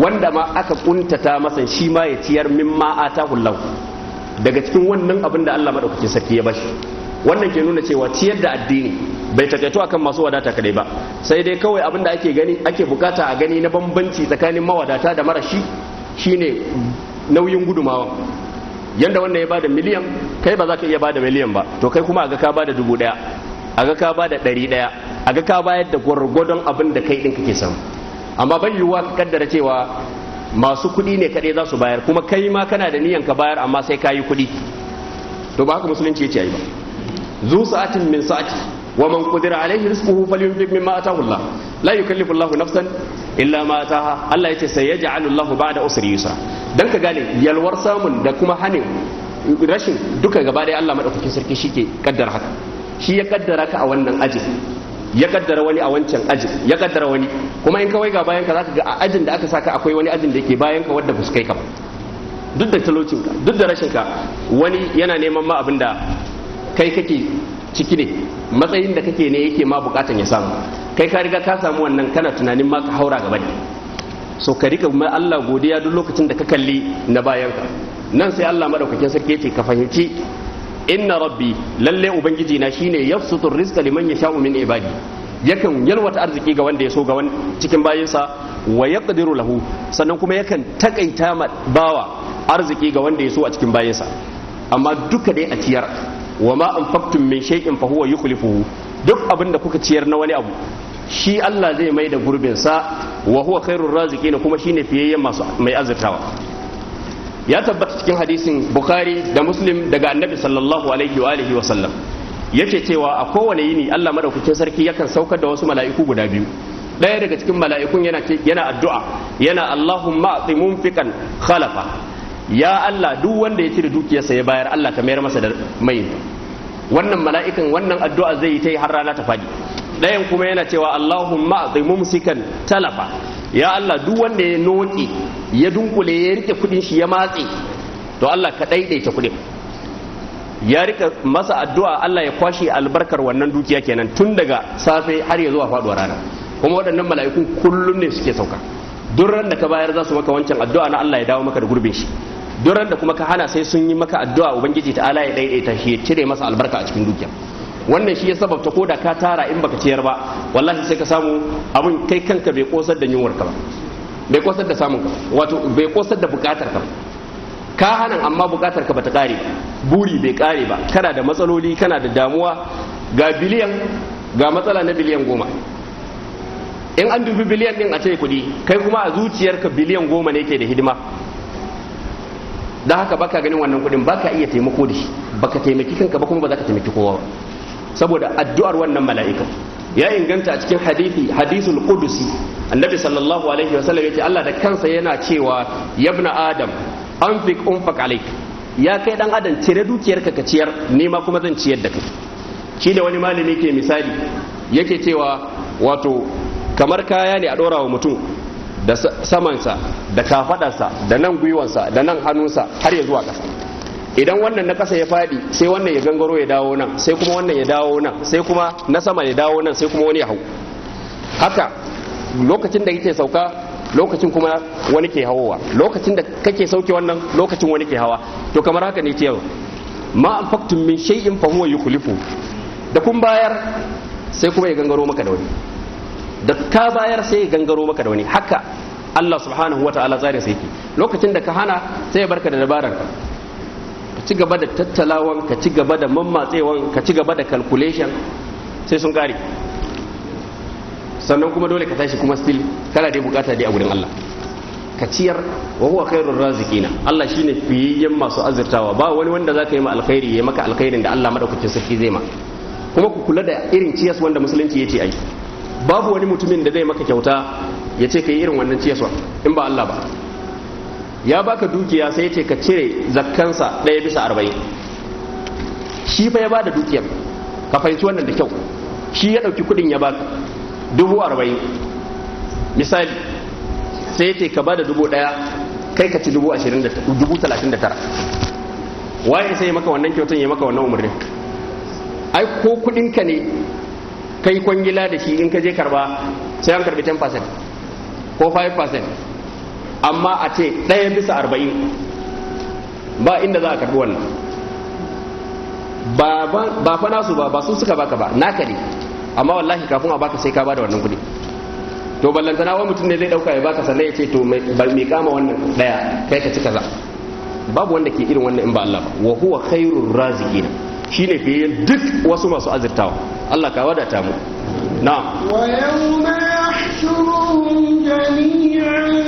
wanda ma aka kuntata masa shi ma ya ciyar min ma'ata hullau daga cikin wannan abin da Allah madaukakin sarki ya bashi wannan ke nuna cewa ciyar da addini bai takaito akan masu wadata kadai ba sai dai kawai abin da ake gani ake bukata a gani na bambanci tsakanin mawadata da marashi shine nauyin gudumawa yanda wannan ya bada miliyan kai ba za ka iya bada miliyan ba to kai kuma a ga ka bada dubu daya a ga ka bada ɗari daya a ga ka bayar da gwargwadon abin da kai ɗin ke samu amma ban yiwuwa ka kaddara cewa masu kuɗi ne kaɗai za su bayar kuma kai ma kana da niyan ka bayar amma sai ka yi kuɗi to ba haka musulunci ya ce ba zu sa'atin min sa'ati wa man qudira alaihi rizquhu falyunfiq mimma ataahu Allah la yukallifu Allahu nafsan illa ma ataaha Allah yace sayaj'alu Allahu ba'da usri yusra dan ka gane yalwar samun da kuma hanin rashin duka gaba ɗaya Allah madaukakin sarki shi ke kaddara haka shi ya kaddara ka a wannan ajin ya kaddara wani a wancan ajin ya kaddara wani kuma in kawai ga bayan ka zaka ga a ajin da aka saka akwai wani ajin da ke bayan ka wanda fuskai ka duk da talocin ka duk da rashin ka wani yana neman ma abin da kai kake ciki ne matsayin da kake ne yake ma bukatan ya samu kai ka riga ka samu wannan kana tunanin ma ka haura gaba ne so ka rika ma Allah godiya duk lokacin da ka kalli na bayan ka nan sai Allah madaukakin sarki yace ka fahimci inna rabbi lalle ubangiji na shine yafsutur rizqa liman yasha'u min ibadi yakan yalwata arziki ga wanda ya so ga cikin bayinsa wa yaqdiru lahu sannan kuma yakan takaita ma bawa arziki ga wanda ya so a cikin bayinsa amma duka dai a ciyar wa ma anfaqtum min shay'in fa huwa yukhlifuhu duk abin da kuka ciyar na wani abu shi Allah zai mai da gurbin sa wa huwa khairur raziqin kuma shine fiyayyen masu mai azurtawa ya tabbata cikin hadisin bukhari da muslim daga annabi sallallahu alaihi wa alihi wa sallam yace cewa a kowane yini Allah madaukakin sarki yakan saukar da wasu mala'iku guda biyu ɗaya daga cikin mala'ikun yana yana addu'a yana Allahumma ati munfiqan khalafa ya Allah duk wanda ya cire dukiyarsa ya bayar Allah ka mayar masa da mai wannan mala'ikan wannan addu'a zai yi ta har rana ta fadi ɗayan kuma yana cewa Allahumma ati mumsikan talafa ya Allah duk wanda ya noki ya dunkule ya rike kudin shi ya matse to Allah ka daidaita kudin ya rika masa addu'a Allah ya kwashe albarkar wannan dukiya kenan tun daga safe har ya zuwa faduwar rana kuma waɗannan mala'iku kullum ne suke sauka duk ran da ka bayar za su maka wancan addu'a na Allah ya dawo maka da gurbin shi duk ran da kuma ka hana sai sun yi maka addu'a ubangiji Allah ya daidaita shi ya cire masa albarka a cikin dukiya wannan shi ya sababta ko da ka tara in baka ciyar ba wallahi sai ka samu abin kai kanka bai kosar da yunwar ka ba bai kosar da samun ka wato bai kosar da bukatar ka ka hanan amma bukatar ka bata kare buri bai kare ba kana da matsaloli kana da damuwa ga biliyan ga matsala na biliyan goma in an dubi biliyan din a ce kuɗi kai kuma a zuciyarka biliyan goma ne ke da hidima da haka baka ganin wannan kuɗin baka iya taimako da shi baka taimaki kanka ba kuma ba za ka taimaki kowa ba saboda addu'ar wannan mala'ika ya inganta a cikin hadithi hadithul qudusi annabi sallallahu alaihi wasallam yace Allah da kansa yana cewa yabna adam anfiq unfaq alaik ya kai dan adam cire dukiyar ka ciyar ni ma kuma zan ciyar da kai shi da wani malami ke misali yake cewa wato kamar kaya ne a dora wa mutum da samansa da kafadarsa da nan gwiwansa da nan hannunsa har ya zuwa ƙasa idan wannan na ƙasa ya faɗi sai wannan ya gangaro ya dawo nan sai kuma wannan ya dawo nan sai kuma na sama ya dawo nan sai kuma wani ya hau haka lokacin da kake sauka lokacin kuma wani ke hawowa lokacin da kake sauke wannan lokacin wani ke hawa to kamar haka ne cewa, ma anfaqtum min shay'in fa huwa yukhlifu da kun bayar sai kuma ya gangaro maka da wani da ka bayar sai ya gangaro maka da wani haka Allah subhanahu wa ta'ala tsarin sai lokacin da ka hana sai ya barka da dabarar ka ci gaba da tattalawan ka ci gaba da mammatsewan ka ci gaba da calculation sai sun kare sannan kuma dole ka tashi kuma still kana dai bukata dai a gurin Allah ka ciyar wa huwa khairur raziqina Allah shine fiyayyen masu azurtawa ba wani wanda zaka yi ma alkhairi ya maka alkhairin da Allah madaukakin sarki zai ma kuma ku kula da irin ciyas wanda musulunci yace ai babu wani mutumin da zai maka kyauta yace ce irin wannan ciyaswa in ba Allah ba ya baka dukiya sai ya ce ka cire zakkansa ɗaya bisa arba'in shi fa ya bada dukiyar ka fahimci wannan da kyau shi ya ɗauki kuɗin ya baka dubu arba'in misali sai ya ce ka bada dubu ɗaya kai ka ci dubu ashirin da dubu talatin da tara waye sai ya maka wannan kyautan ya maka wannan umarnin ai ko ka ne kai kwangila da shi in ka je karba sai an karbi 10% ko 5% amma a ce ɗaya bisa arba'in ba inda za a karɓi wannan ba fa nasu ba ba su suka baka ba na ne amma wallahi kafin a baka sai ka da wannan kuɗi to ballantana wani mutum ne zai ɗauka ya baka sannan ya ce to mai kama wannan ɗaya kai ka ci kaza babu wanda ke irin wannan in ba Allah ba wa huwa khairur raziqin shine fi duk wasu masu azurtawa Allah ka wadata mu na'am wa yawma yahshuruhum jami'an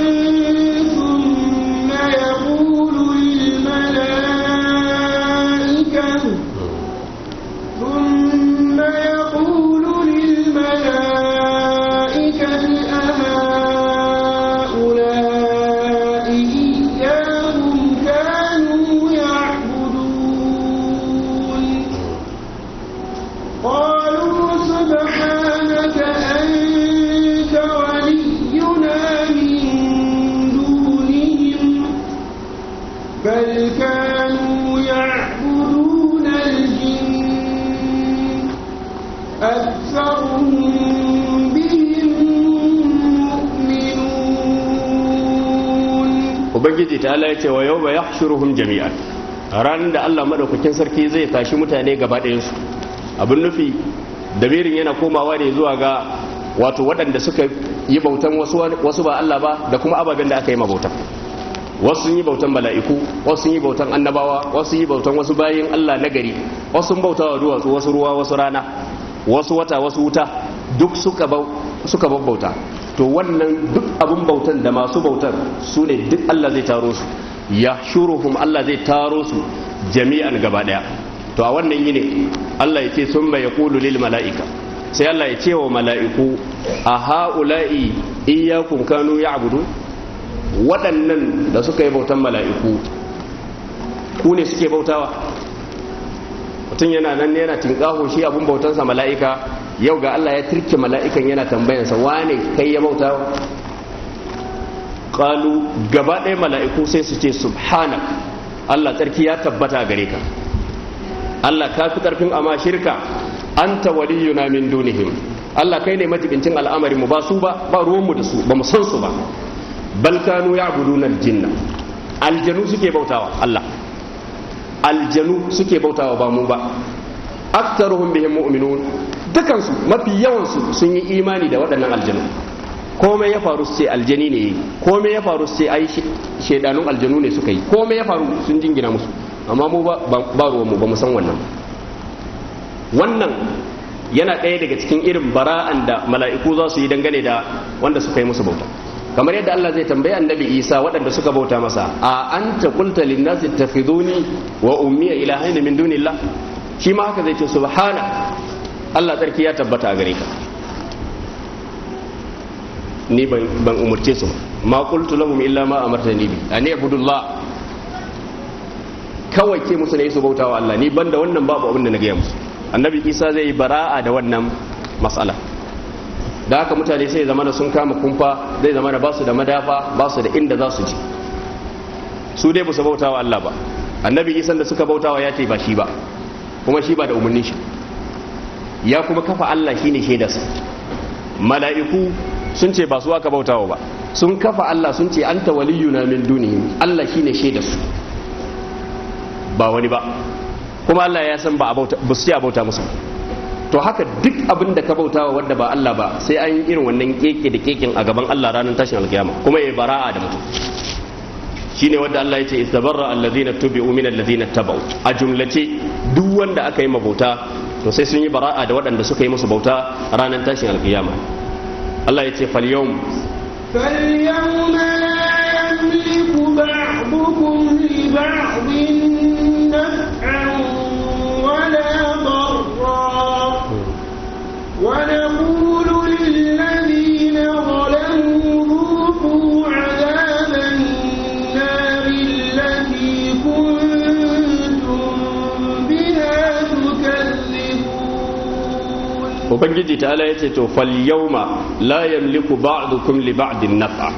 ubangiji ta ala ce wa yawma yahshuruhum jami'an ranar da Allah maɗaukakin sarki zai tashi mutane gaba ɗayansu abin nufi damirin yana komawa ne zuwa ga wato waɗanda suka yi bautan wasu ba Allah ba da kuma ababen da aka yi mabauta wasu sun yi bautan mala'iku wasu sun yi bautan annabawa wasu yi bautan wasu bayin Allah na gari wasu sun bauta wa duwatsu wasu ruwa wasu rana wasu wata wasu wuta duk suka bauta to wannan duk abin bautan da masu bautar su ne duk Allah zai taro su ya shuruhum Allah zai taro su jami'an gaba daya to a wannan yini Allah ya ce sun bai kulu lil mala'ika sai Allah ya ce wa mala'iku a haula'i iyyakum kanu abudu waɗannan da suka yi bautan mala'iku ku ne suke bautawa mutum yana nan ne yana tinƙaho shi abin bautansa mala'ika yau ga Allah ya turke mala'ikan yana tambayansa wane kai ya bauta ƙalu gaba ɗaya mala'iku sai su ce subhanak Allah tsarki ya tabbata gare ka Allah ka fi ƙarfin amma shirka an anta yuna min dunihim Allah kai ne matibincin al'amari mu ba su ba ba da su ba mu san su ba Balkanu ya gudu al-jinna aljanu suke bautawa Allah aljanu suke bautawa ba mu ba aktaruhum bihim mu'minun dukansu mafi yawansu sun yi imani da waɗannan aljanu komai ya faru sai aljani ne yi komai ya faru sai ai shaidanun aljanu ne suka yi komai ya faru sun jingina musu amma mu ba mu ba mu san wannan wannan yana ɗaya daga cikin irin bara'an da mala'iku za su yi dangane da wanda suka yi musu bauta kamar yadda Allah zai tambayi annabi Isa waɗanda suka bauta masa a anta qulta lin nasi wa ummi ilahaina min dunillah shi ma haka zai ce subhana Allah tsarki ya tabbata a gare ka ni ban umurce su ma qultu lahum illa ma amartani bi an yabudullah kawai ke musu ne su bautawa Allah ni banda wannan babu abin da na gaya musu annabi Isa zai yi bara'a da wannan mas'ala da haka mutane sai zama sun kama kumfa zai zama da basu da madafa basu da inda za su ji su dai ba su bautawa Allah ba annabi Isa da suka bautawa ya ce ba shi ba kuma shi ba da umarnin shi ya kuma kafa Allah shine shaidarsa mala'iku sun ce ba su aka bautawa ba sun kafa Allah sun ce anta waliyuna min dunihim Allah shine shaidarsu ba wani ba kuma Allah ya san ba su ce bauta musu to haka duk abin da ka bautawa wanda ba Allah ba sai an yi irin wannan keke da keken a gaban Allah ranar tashin alkiyama kuma ya bara'a da mutum shine wanda Allah ya ce istabarra allazina tubi'u min allazina tabau a jumlace duk wanda aka yi mabauta to sai sun yi bara'a da waɗanda suka yi musu bauta ranar tashin alkiyama Allah ya ce falyawm na la yamliku ba'dukum li ba'din ubangiji ta'ala ya ce to fal yawma la yamliku ba'dukum li ba'din naf'a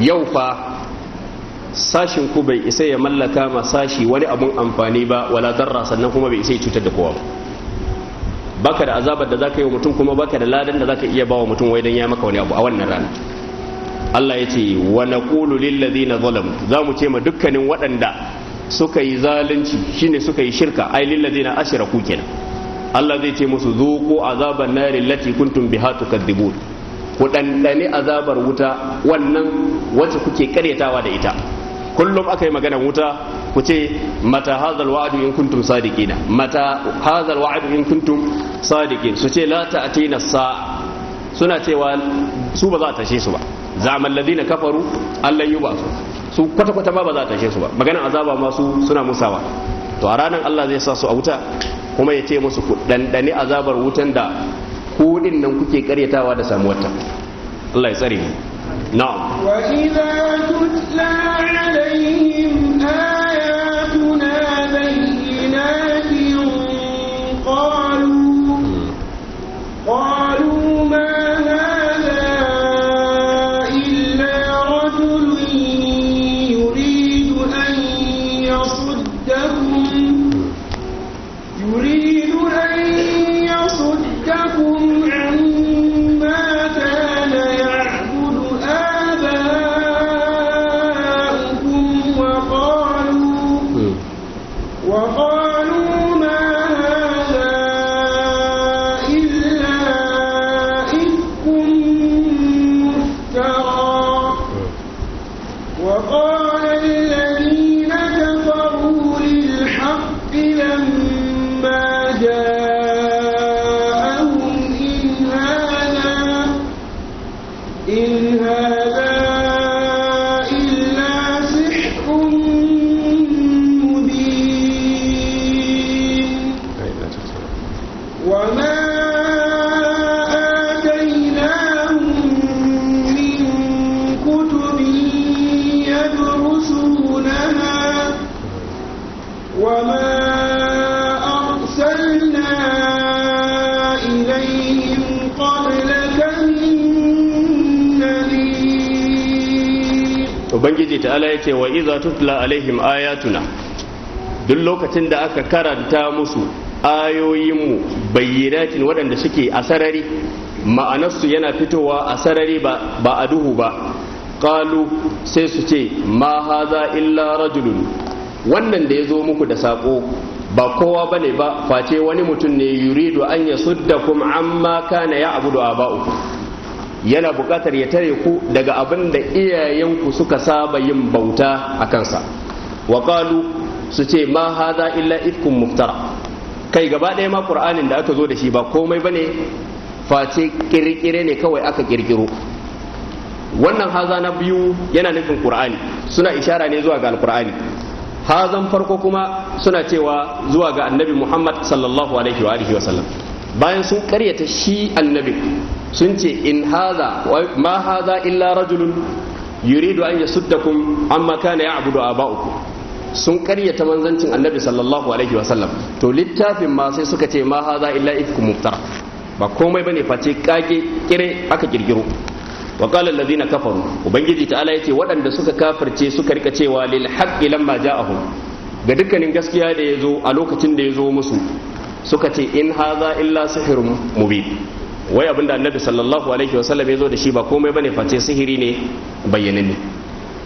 yau fa sashin ku bai isa ya mallaka ma sashi wani abun amfani ba wala darra sannan kuma bai isa ya cutar da kowa ba baka da azabar da zaka yi wa mutum kuma baka da ladan da zaka iya bawa mutum wai dan ya maka wani abu a wannan rana Allah ya ce wa naqulu lil ladina za zamu ce ma dukkanin waɗanda suka yi zalunci shine suka yi shirka ai lil ladina ashraku kenan Allah zai ce musu zuku azabar nari lati kuntum biha tukadzibun ku dandani azabar wuta wannan wacce kuke karyatawa da ita kullum aka yi maganar wuta ku ce mata hazal wa'adu in kuntum sadiqina mata hazal wa'adu in kuntum sadiqin su ce la ta'tina sa suna cewa su ba za a tashe su ba zaman ladina kafaru Allah yi ba su su kwata-kwata ba ba za a tashe su ba maganar azaba masu suna musawa to a ranar Allah zai sa su a wuta kuma ya ce musu ku dandane azabar wutan da ku nan kuke karyatawa da samuwarta Allah ya tsare mu na'am ubangiji ta'ala ya ce wa iza tutla alaihim ayatuna duk lokacin da aka karanta musu ayoyinmu bayyanatin waɗanda suke a sarari ma'anarsu yana fitowa a sarari ba a duhu ba ƙalu sai su ce ma haza illa rajulun wannan da ya zo muku da saƙo ba kowa ba ne ba face wani mutum ne yuridu an ya sudda kuma amma kana ya abudu a uku. yana buƙatar ya tare ku daga abin da iyayenku suka saba yin bauta a kansa wa su ce ma haza illa ifkun muftara kai gaba ɗaya ma ƙur'anin da aka zo da shi ba komai ba ne? face ƙirƙire ne kawai aka ƙirƙiro. wannan haza na biyu yana nufin ƙur'ani suna ishara ne zuwa ga alƙur'ani. hazan farko kuma suna cewa zuwa ga annabi muhammad sallallahu alaihi wa wa sallam bayan sun karyata shi annabi sun ce in haza ma haza illa rajulun yuridu an yasuddakum amma kana ya'budu aba'uku sun karyata manzancin annabi sallallahu alaihi wa sallam. to littafin ma sai suka ce ma haza illa ifkum muftara ba komai bane face kage kire aka girgiro wa qala allazina kafaru ubangiji ta'ala yace waɗanda suka kafirce suka rika cewa lil haqqi lamma ja'ahum ga dukkanin gaskiya da yazo a lokacin da yazo musu suka ce in haza illa sihrun mubin wai abinda annabi sallallahu alaihi wasallam ya zo da shi ba komai bane face sihiri ne bayyana ne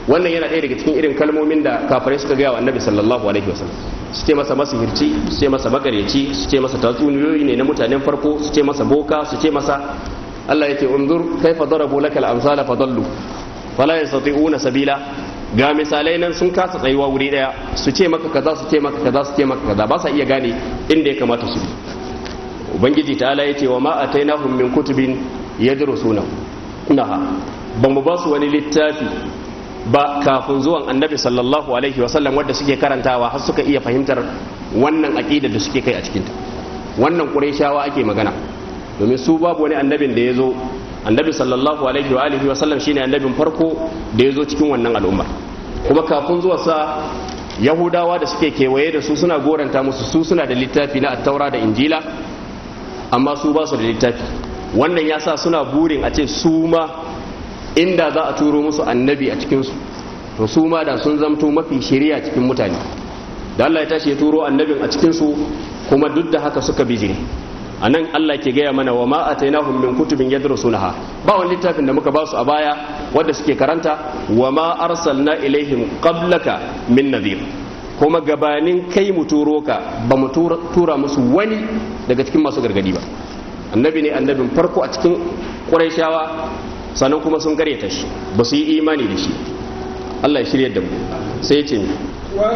wannan yana ɗaya daga cikin irin kalmomin da kafirai suka gaya wa annabi sallallahu alaihi wasallam su ce masa masihirci su ce masa bakareci su masa tatsuniyoyi ne na mutanen farko su masa boka su ce masa Allah ya ke unzur kaifa darabu laka al-amsala fadallu fala yastati'una sabila ga misalai nan sun kasa tsayuwa wuri daya su ce maka kaza su ce maka kaza su ce maka kaza ba sa iya gane inda ya kamata su bi ubangiji ta ta'ala yace wa ma atainahum min kutubin yadrusuna naha Ban mu ba wani littafi ba kafin zuwan annabi sallallahu alaihi wa sallam wadda suke karantawa har suka iya fahimtar wannan aqida da suke kai a cikinta wannan qurayshawa ake magana domin su babu wani annabin da ya annabi sallallahu alaihi wa alihi wa sallam shine annabin farko da ya zo cikin wannan al'umma kuma kafin zuwa sa yahudawa da suke kewaye da su suna goranta musu su suna da littafi na attaura da injila amma su ba su da littafi wannan ya sa suna burin a ce su ma inda za a turo musu annabi a cikinsu to su ma da sun zamto mafi shiriya cikin mutane da Allah ya tashi ya turo annabin a cikinsu kuma duk da haka suka bijire a nan Allah ke gaya mana wa ma atainahum min kutubin sunaha ba wani littafin da muka ba su a baya wanda suke karanta wa ma arsalna ilaihim qablaka min nadhir kuma gabanin kai mu turo ka ba mu tura musu wani daga cikin masu gargadi ba annabi ne annabin farko a cikin ƙuraishawa sannan kuma sun ta shi ba su yi imani da shi Allah ya shirya da mu sai ya ce wa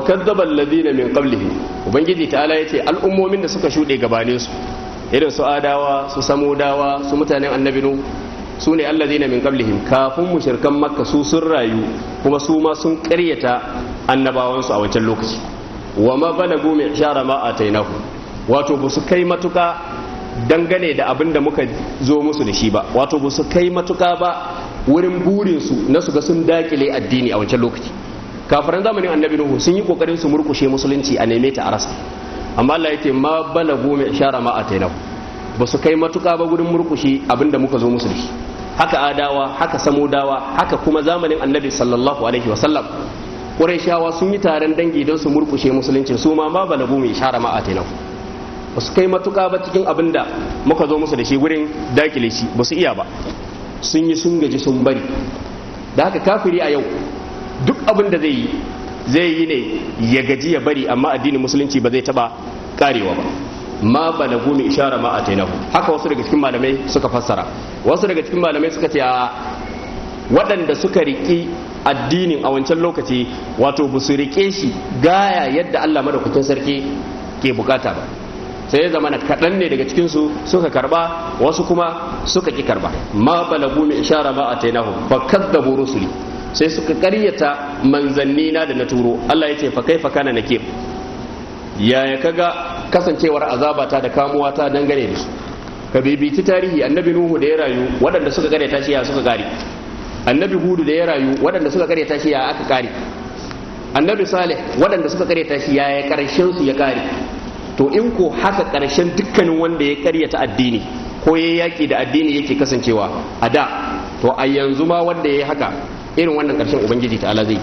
wa kadzaba alladhina min qablihi ubangiji ta'ala yace al'ummomin da suka shude gabane su irin su adawa su samudawa su mutanen annabi nu su ne alladhina min qablihim kafin mushrikan makka su sun rayu kuma su ma sun ƙaryata annabawan su a wancan lokaci wa ma balagu min shara ma atainahu wato ba su kai matuka dangane da abin da muka zo musu da shi ba wato ba su kai matuka ba wurin burinsu na su ga sun dakile addini a wancan lokaci kafiran zamanin annabi nuhu sun yi kokarin su murkushe musulunci a neme ta arasa amma Allah yake ma balagu mai ishara ma a tainahu ba su kai matuka ba gudun murkushe abinda muka zo musu haka adawa haka samudawa haka kuma zamanin annabi sallallahu alaihi wa sallam ƙurashawa sun yi taron dangi don su murkushe musulunci su ma ma balagu mai ishara ma a tainahu ba su kai matuka ba cikin abinda muka zo musu da shi gurin dakile shi ba su iya ba sun yi sun gaji sun bari da haka kafiri a yau duk abin da zai yi zai yi ne ya gaji ya bari amma addinin musulunci ba zai taba karewa ba ma balagu mi ishara ma atainahu haka wasu daga cikin malamai suka fassara wasu daga cikin malamai suka ce a waɗanda suka riƙi addinin a wancan lokaci wato ba su riƙe shi gaya yadda Allah madaukakin sarki ke bukata ba sai zama na kaɗan ne daga cikinsu suka karba wasu kuma suka ƙi karba ma balagu mi ishara ma atainahu fa kaddabu rusuli sai suka karyata manzanni na da na turo Allah ya ce fa fa kana nakir yaya kaga kasancewar azabata da kamuwata ta dangane da su ka bibici tarihi annabi nuhu da ya rayu waɗanda suka karyata shi ya suka kare annabi hudu da ya rayu waɗanda suka karyata shi ya aka kare annabi salih waɗanda suka karyata shi ya ya karshen su ya kare to in ko haka karshen dukkanin wanda ya karyata addini ko ya yaƙi da addini yake kasancewa a da to a yanzu ma wanda ya yi haka irin wannan karshen ubangiji ta ala zai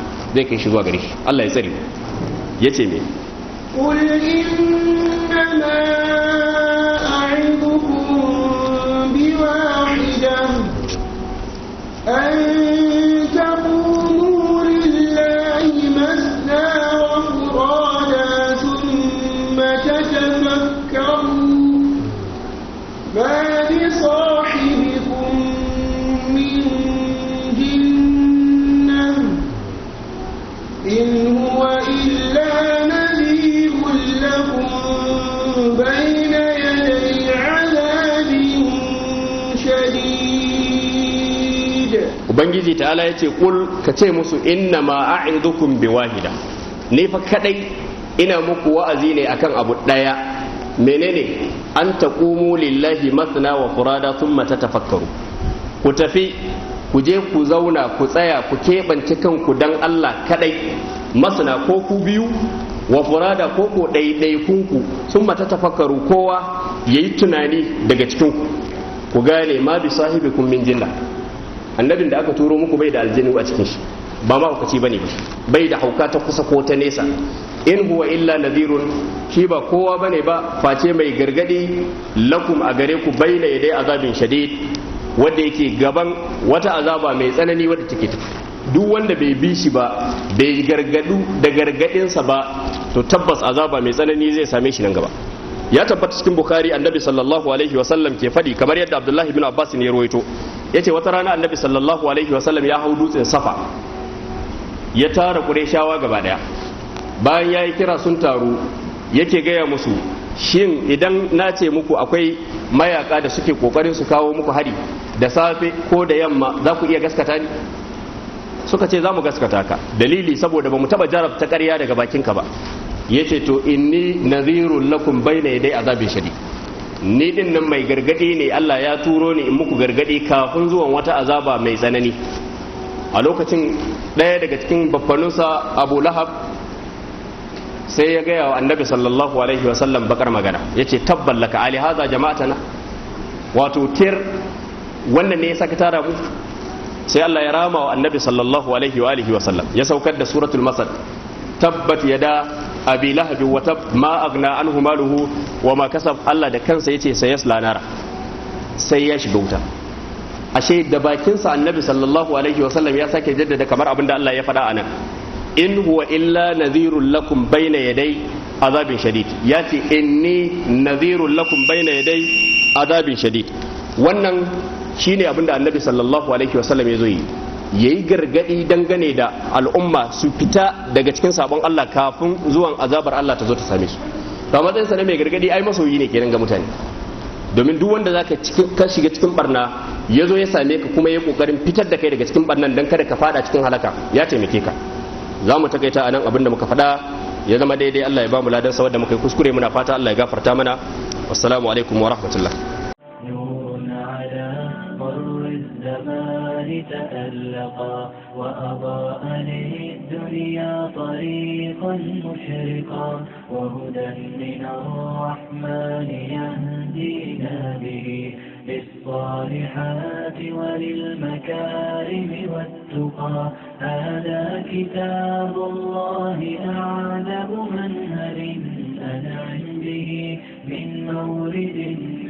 kai shi zuwa gare shi Allah ya tsare yace me qul inna ubangiji ta'ala ya ce kul ka ce musu inna ma a'idukum bi wahida ni fa kadai ina muku wa'azi ne akan abu daya menene an taqumu lillahi masana wa furada thumma tatafakkaru ku tafi ku je ku zauna ku tsaya ku keɓance kanku dan Allah kadai masana ko ku biyu wa furada ko ko ɗaiɗaikunku sun mata tafakkaru kowa ya yi tunani daga cikinku ku gane ma bi sahibikum min jinna annabin da aka turo muku bai da aljinu a cikin shi ba ma ci bane bai da hauka ta kusa ko ta nesa in huwa illa nadhirun shi ba kowa bane ba face mai gargadi lakum a gare ku baina yadai azabin shadid wanda yake gaban wata azaba mai tsanani wadda take tafi duk wanda bai bi shi ba bai gargadu da gargadinsa ba to tabbas azaba mai tsanani zai same shi nan gaba ya tabbata cikin bukhari annabi sallallahu alaihi wasallam ke faɗi kamar yadda abdullahi bin abbas ne ya ruwaito ya ce wata rana annabi sallallahu alaihi wasallam ya hau dutsen safa ya tara qurayshawa gaba ɗaya bayan yayi kira sun taru yake gaya musu shin idan na ce muku akwai mayaka da suke kokarin su kawo muku hari da safe ko da yamma za ku iya gaskata ni suka ce za mu gaskata ka dalili saboda ba mu taba jarabta ƙarya daga bakinka ba yace to inni nazirul lakum bayna yaday azabi shadid ni din nan mai gargadi ne Allah ya turo ni in muku gargadi kafin zuwan wata azaba mai tsanani a lokacin ɗaya daga cikin baffanunsa Abu Lahab sai ya gaya wa annabi sallallahu alaihi wa sallam bakar magana yace tabballaka ali haza jama'atana wato tir wannan ne ya saka tara mu sai Allah ya rama wa annabi sallallahu alaihi wa alihi wa sallam ya saukar da suratul masad tabbat yada abi lahab wa tab ma aghna anhu maluhu wa ma kasab Allah da kansa yace sayasla nara sai ya shiga wuta ashe da bakinsa annabi sallallahu alaihi wa sallam ya sake jaddada kamar abin da Allah ya faɗa anan, in huwa illa nadhirul lakum bayna yaday azabin shadid ya ce inni nadhirul lakum bayna yaday azabin shadid wannan shine abin da annabi sallallahu alaihi wa sallam ya zo yi yayi gargadi dangane da al'umma su fita daga cikin sabon Allah kafin zuwan azabar Allah ta zo ta same su to sa ne mai gargadi ai masoyi ne kenan ga mutane domin duk wanda zaka ka shiga cikin barna ya zo ya same ka kuma ya kokarin fitar da kai daga cikin barnan dan kada ka fada cikin halaka ya taimake ka za mu takaita anan abin da muka faɗa ya zama daidai Allah ya ba mu ladan sawar da muka yi kuskure muna fata Allah ya gafarta mana assalamu alaikum wa rahmatullah الله تألقا وأضاء للدنيا طريقا مشرقا وهدى من الرحمن يهدينا به للصالحات وللمكارم والتقى هذا كتاب الله أعلم منهل أنعم به من مورد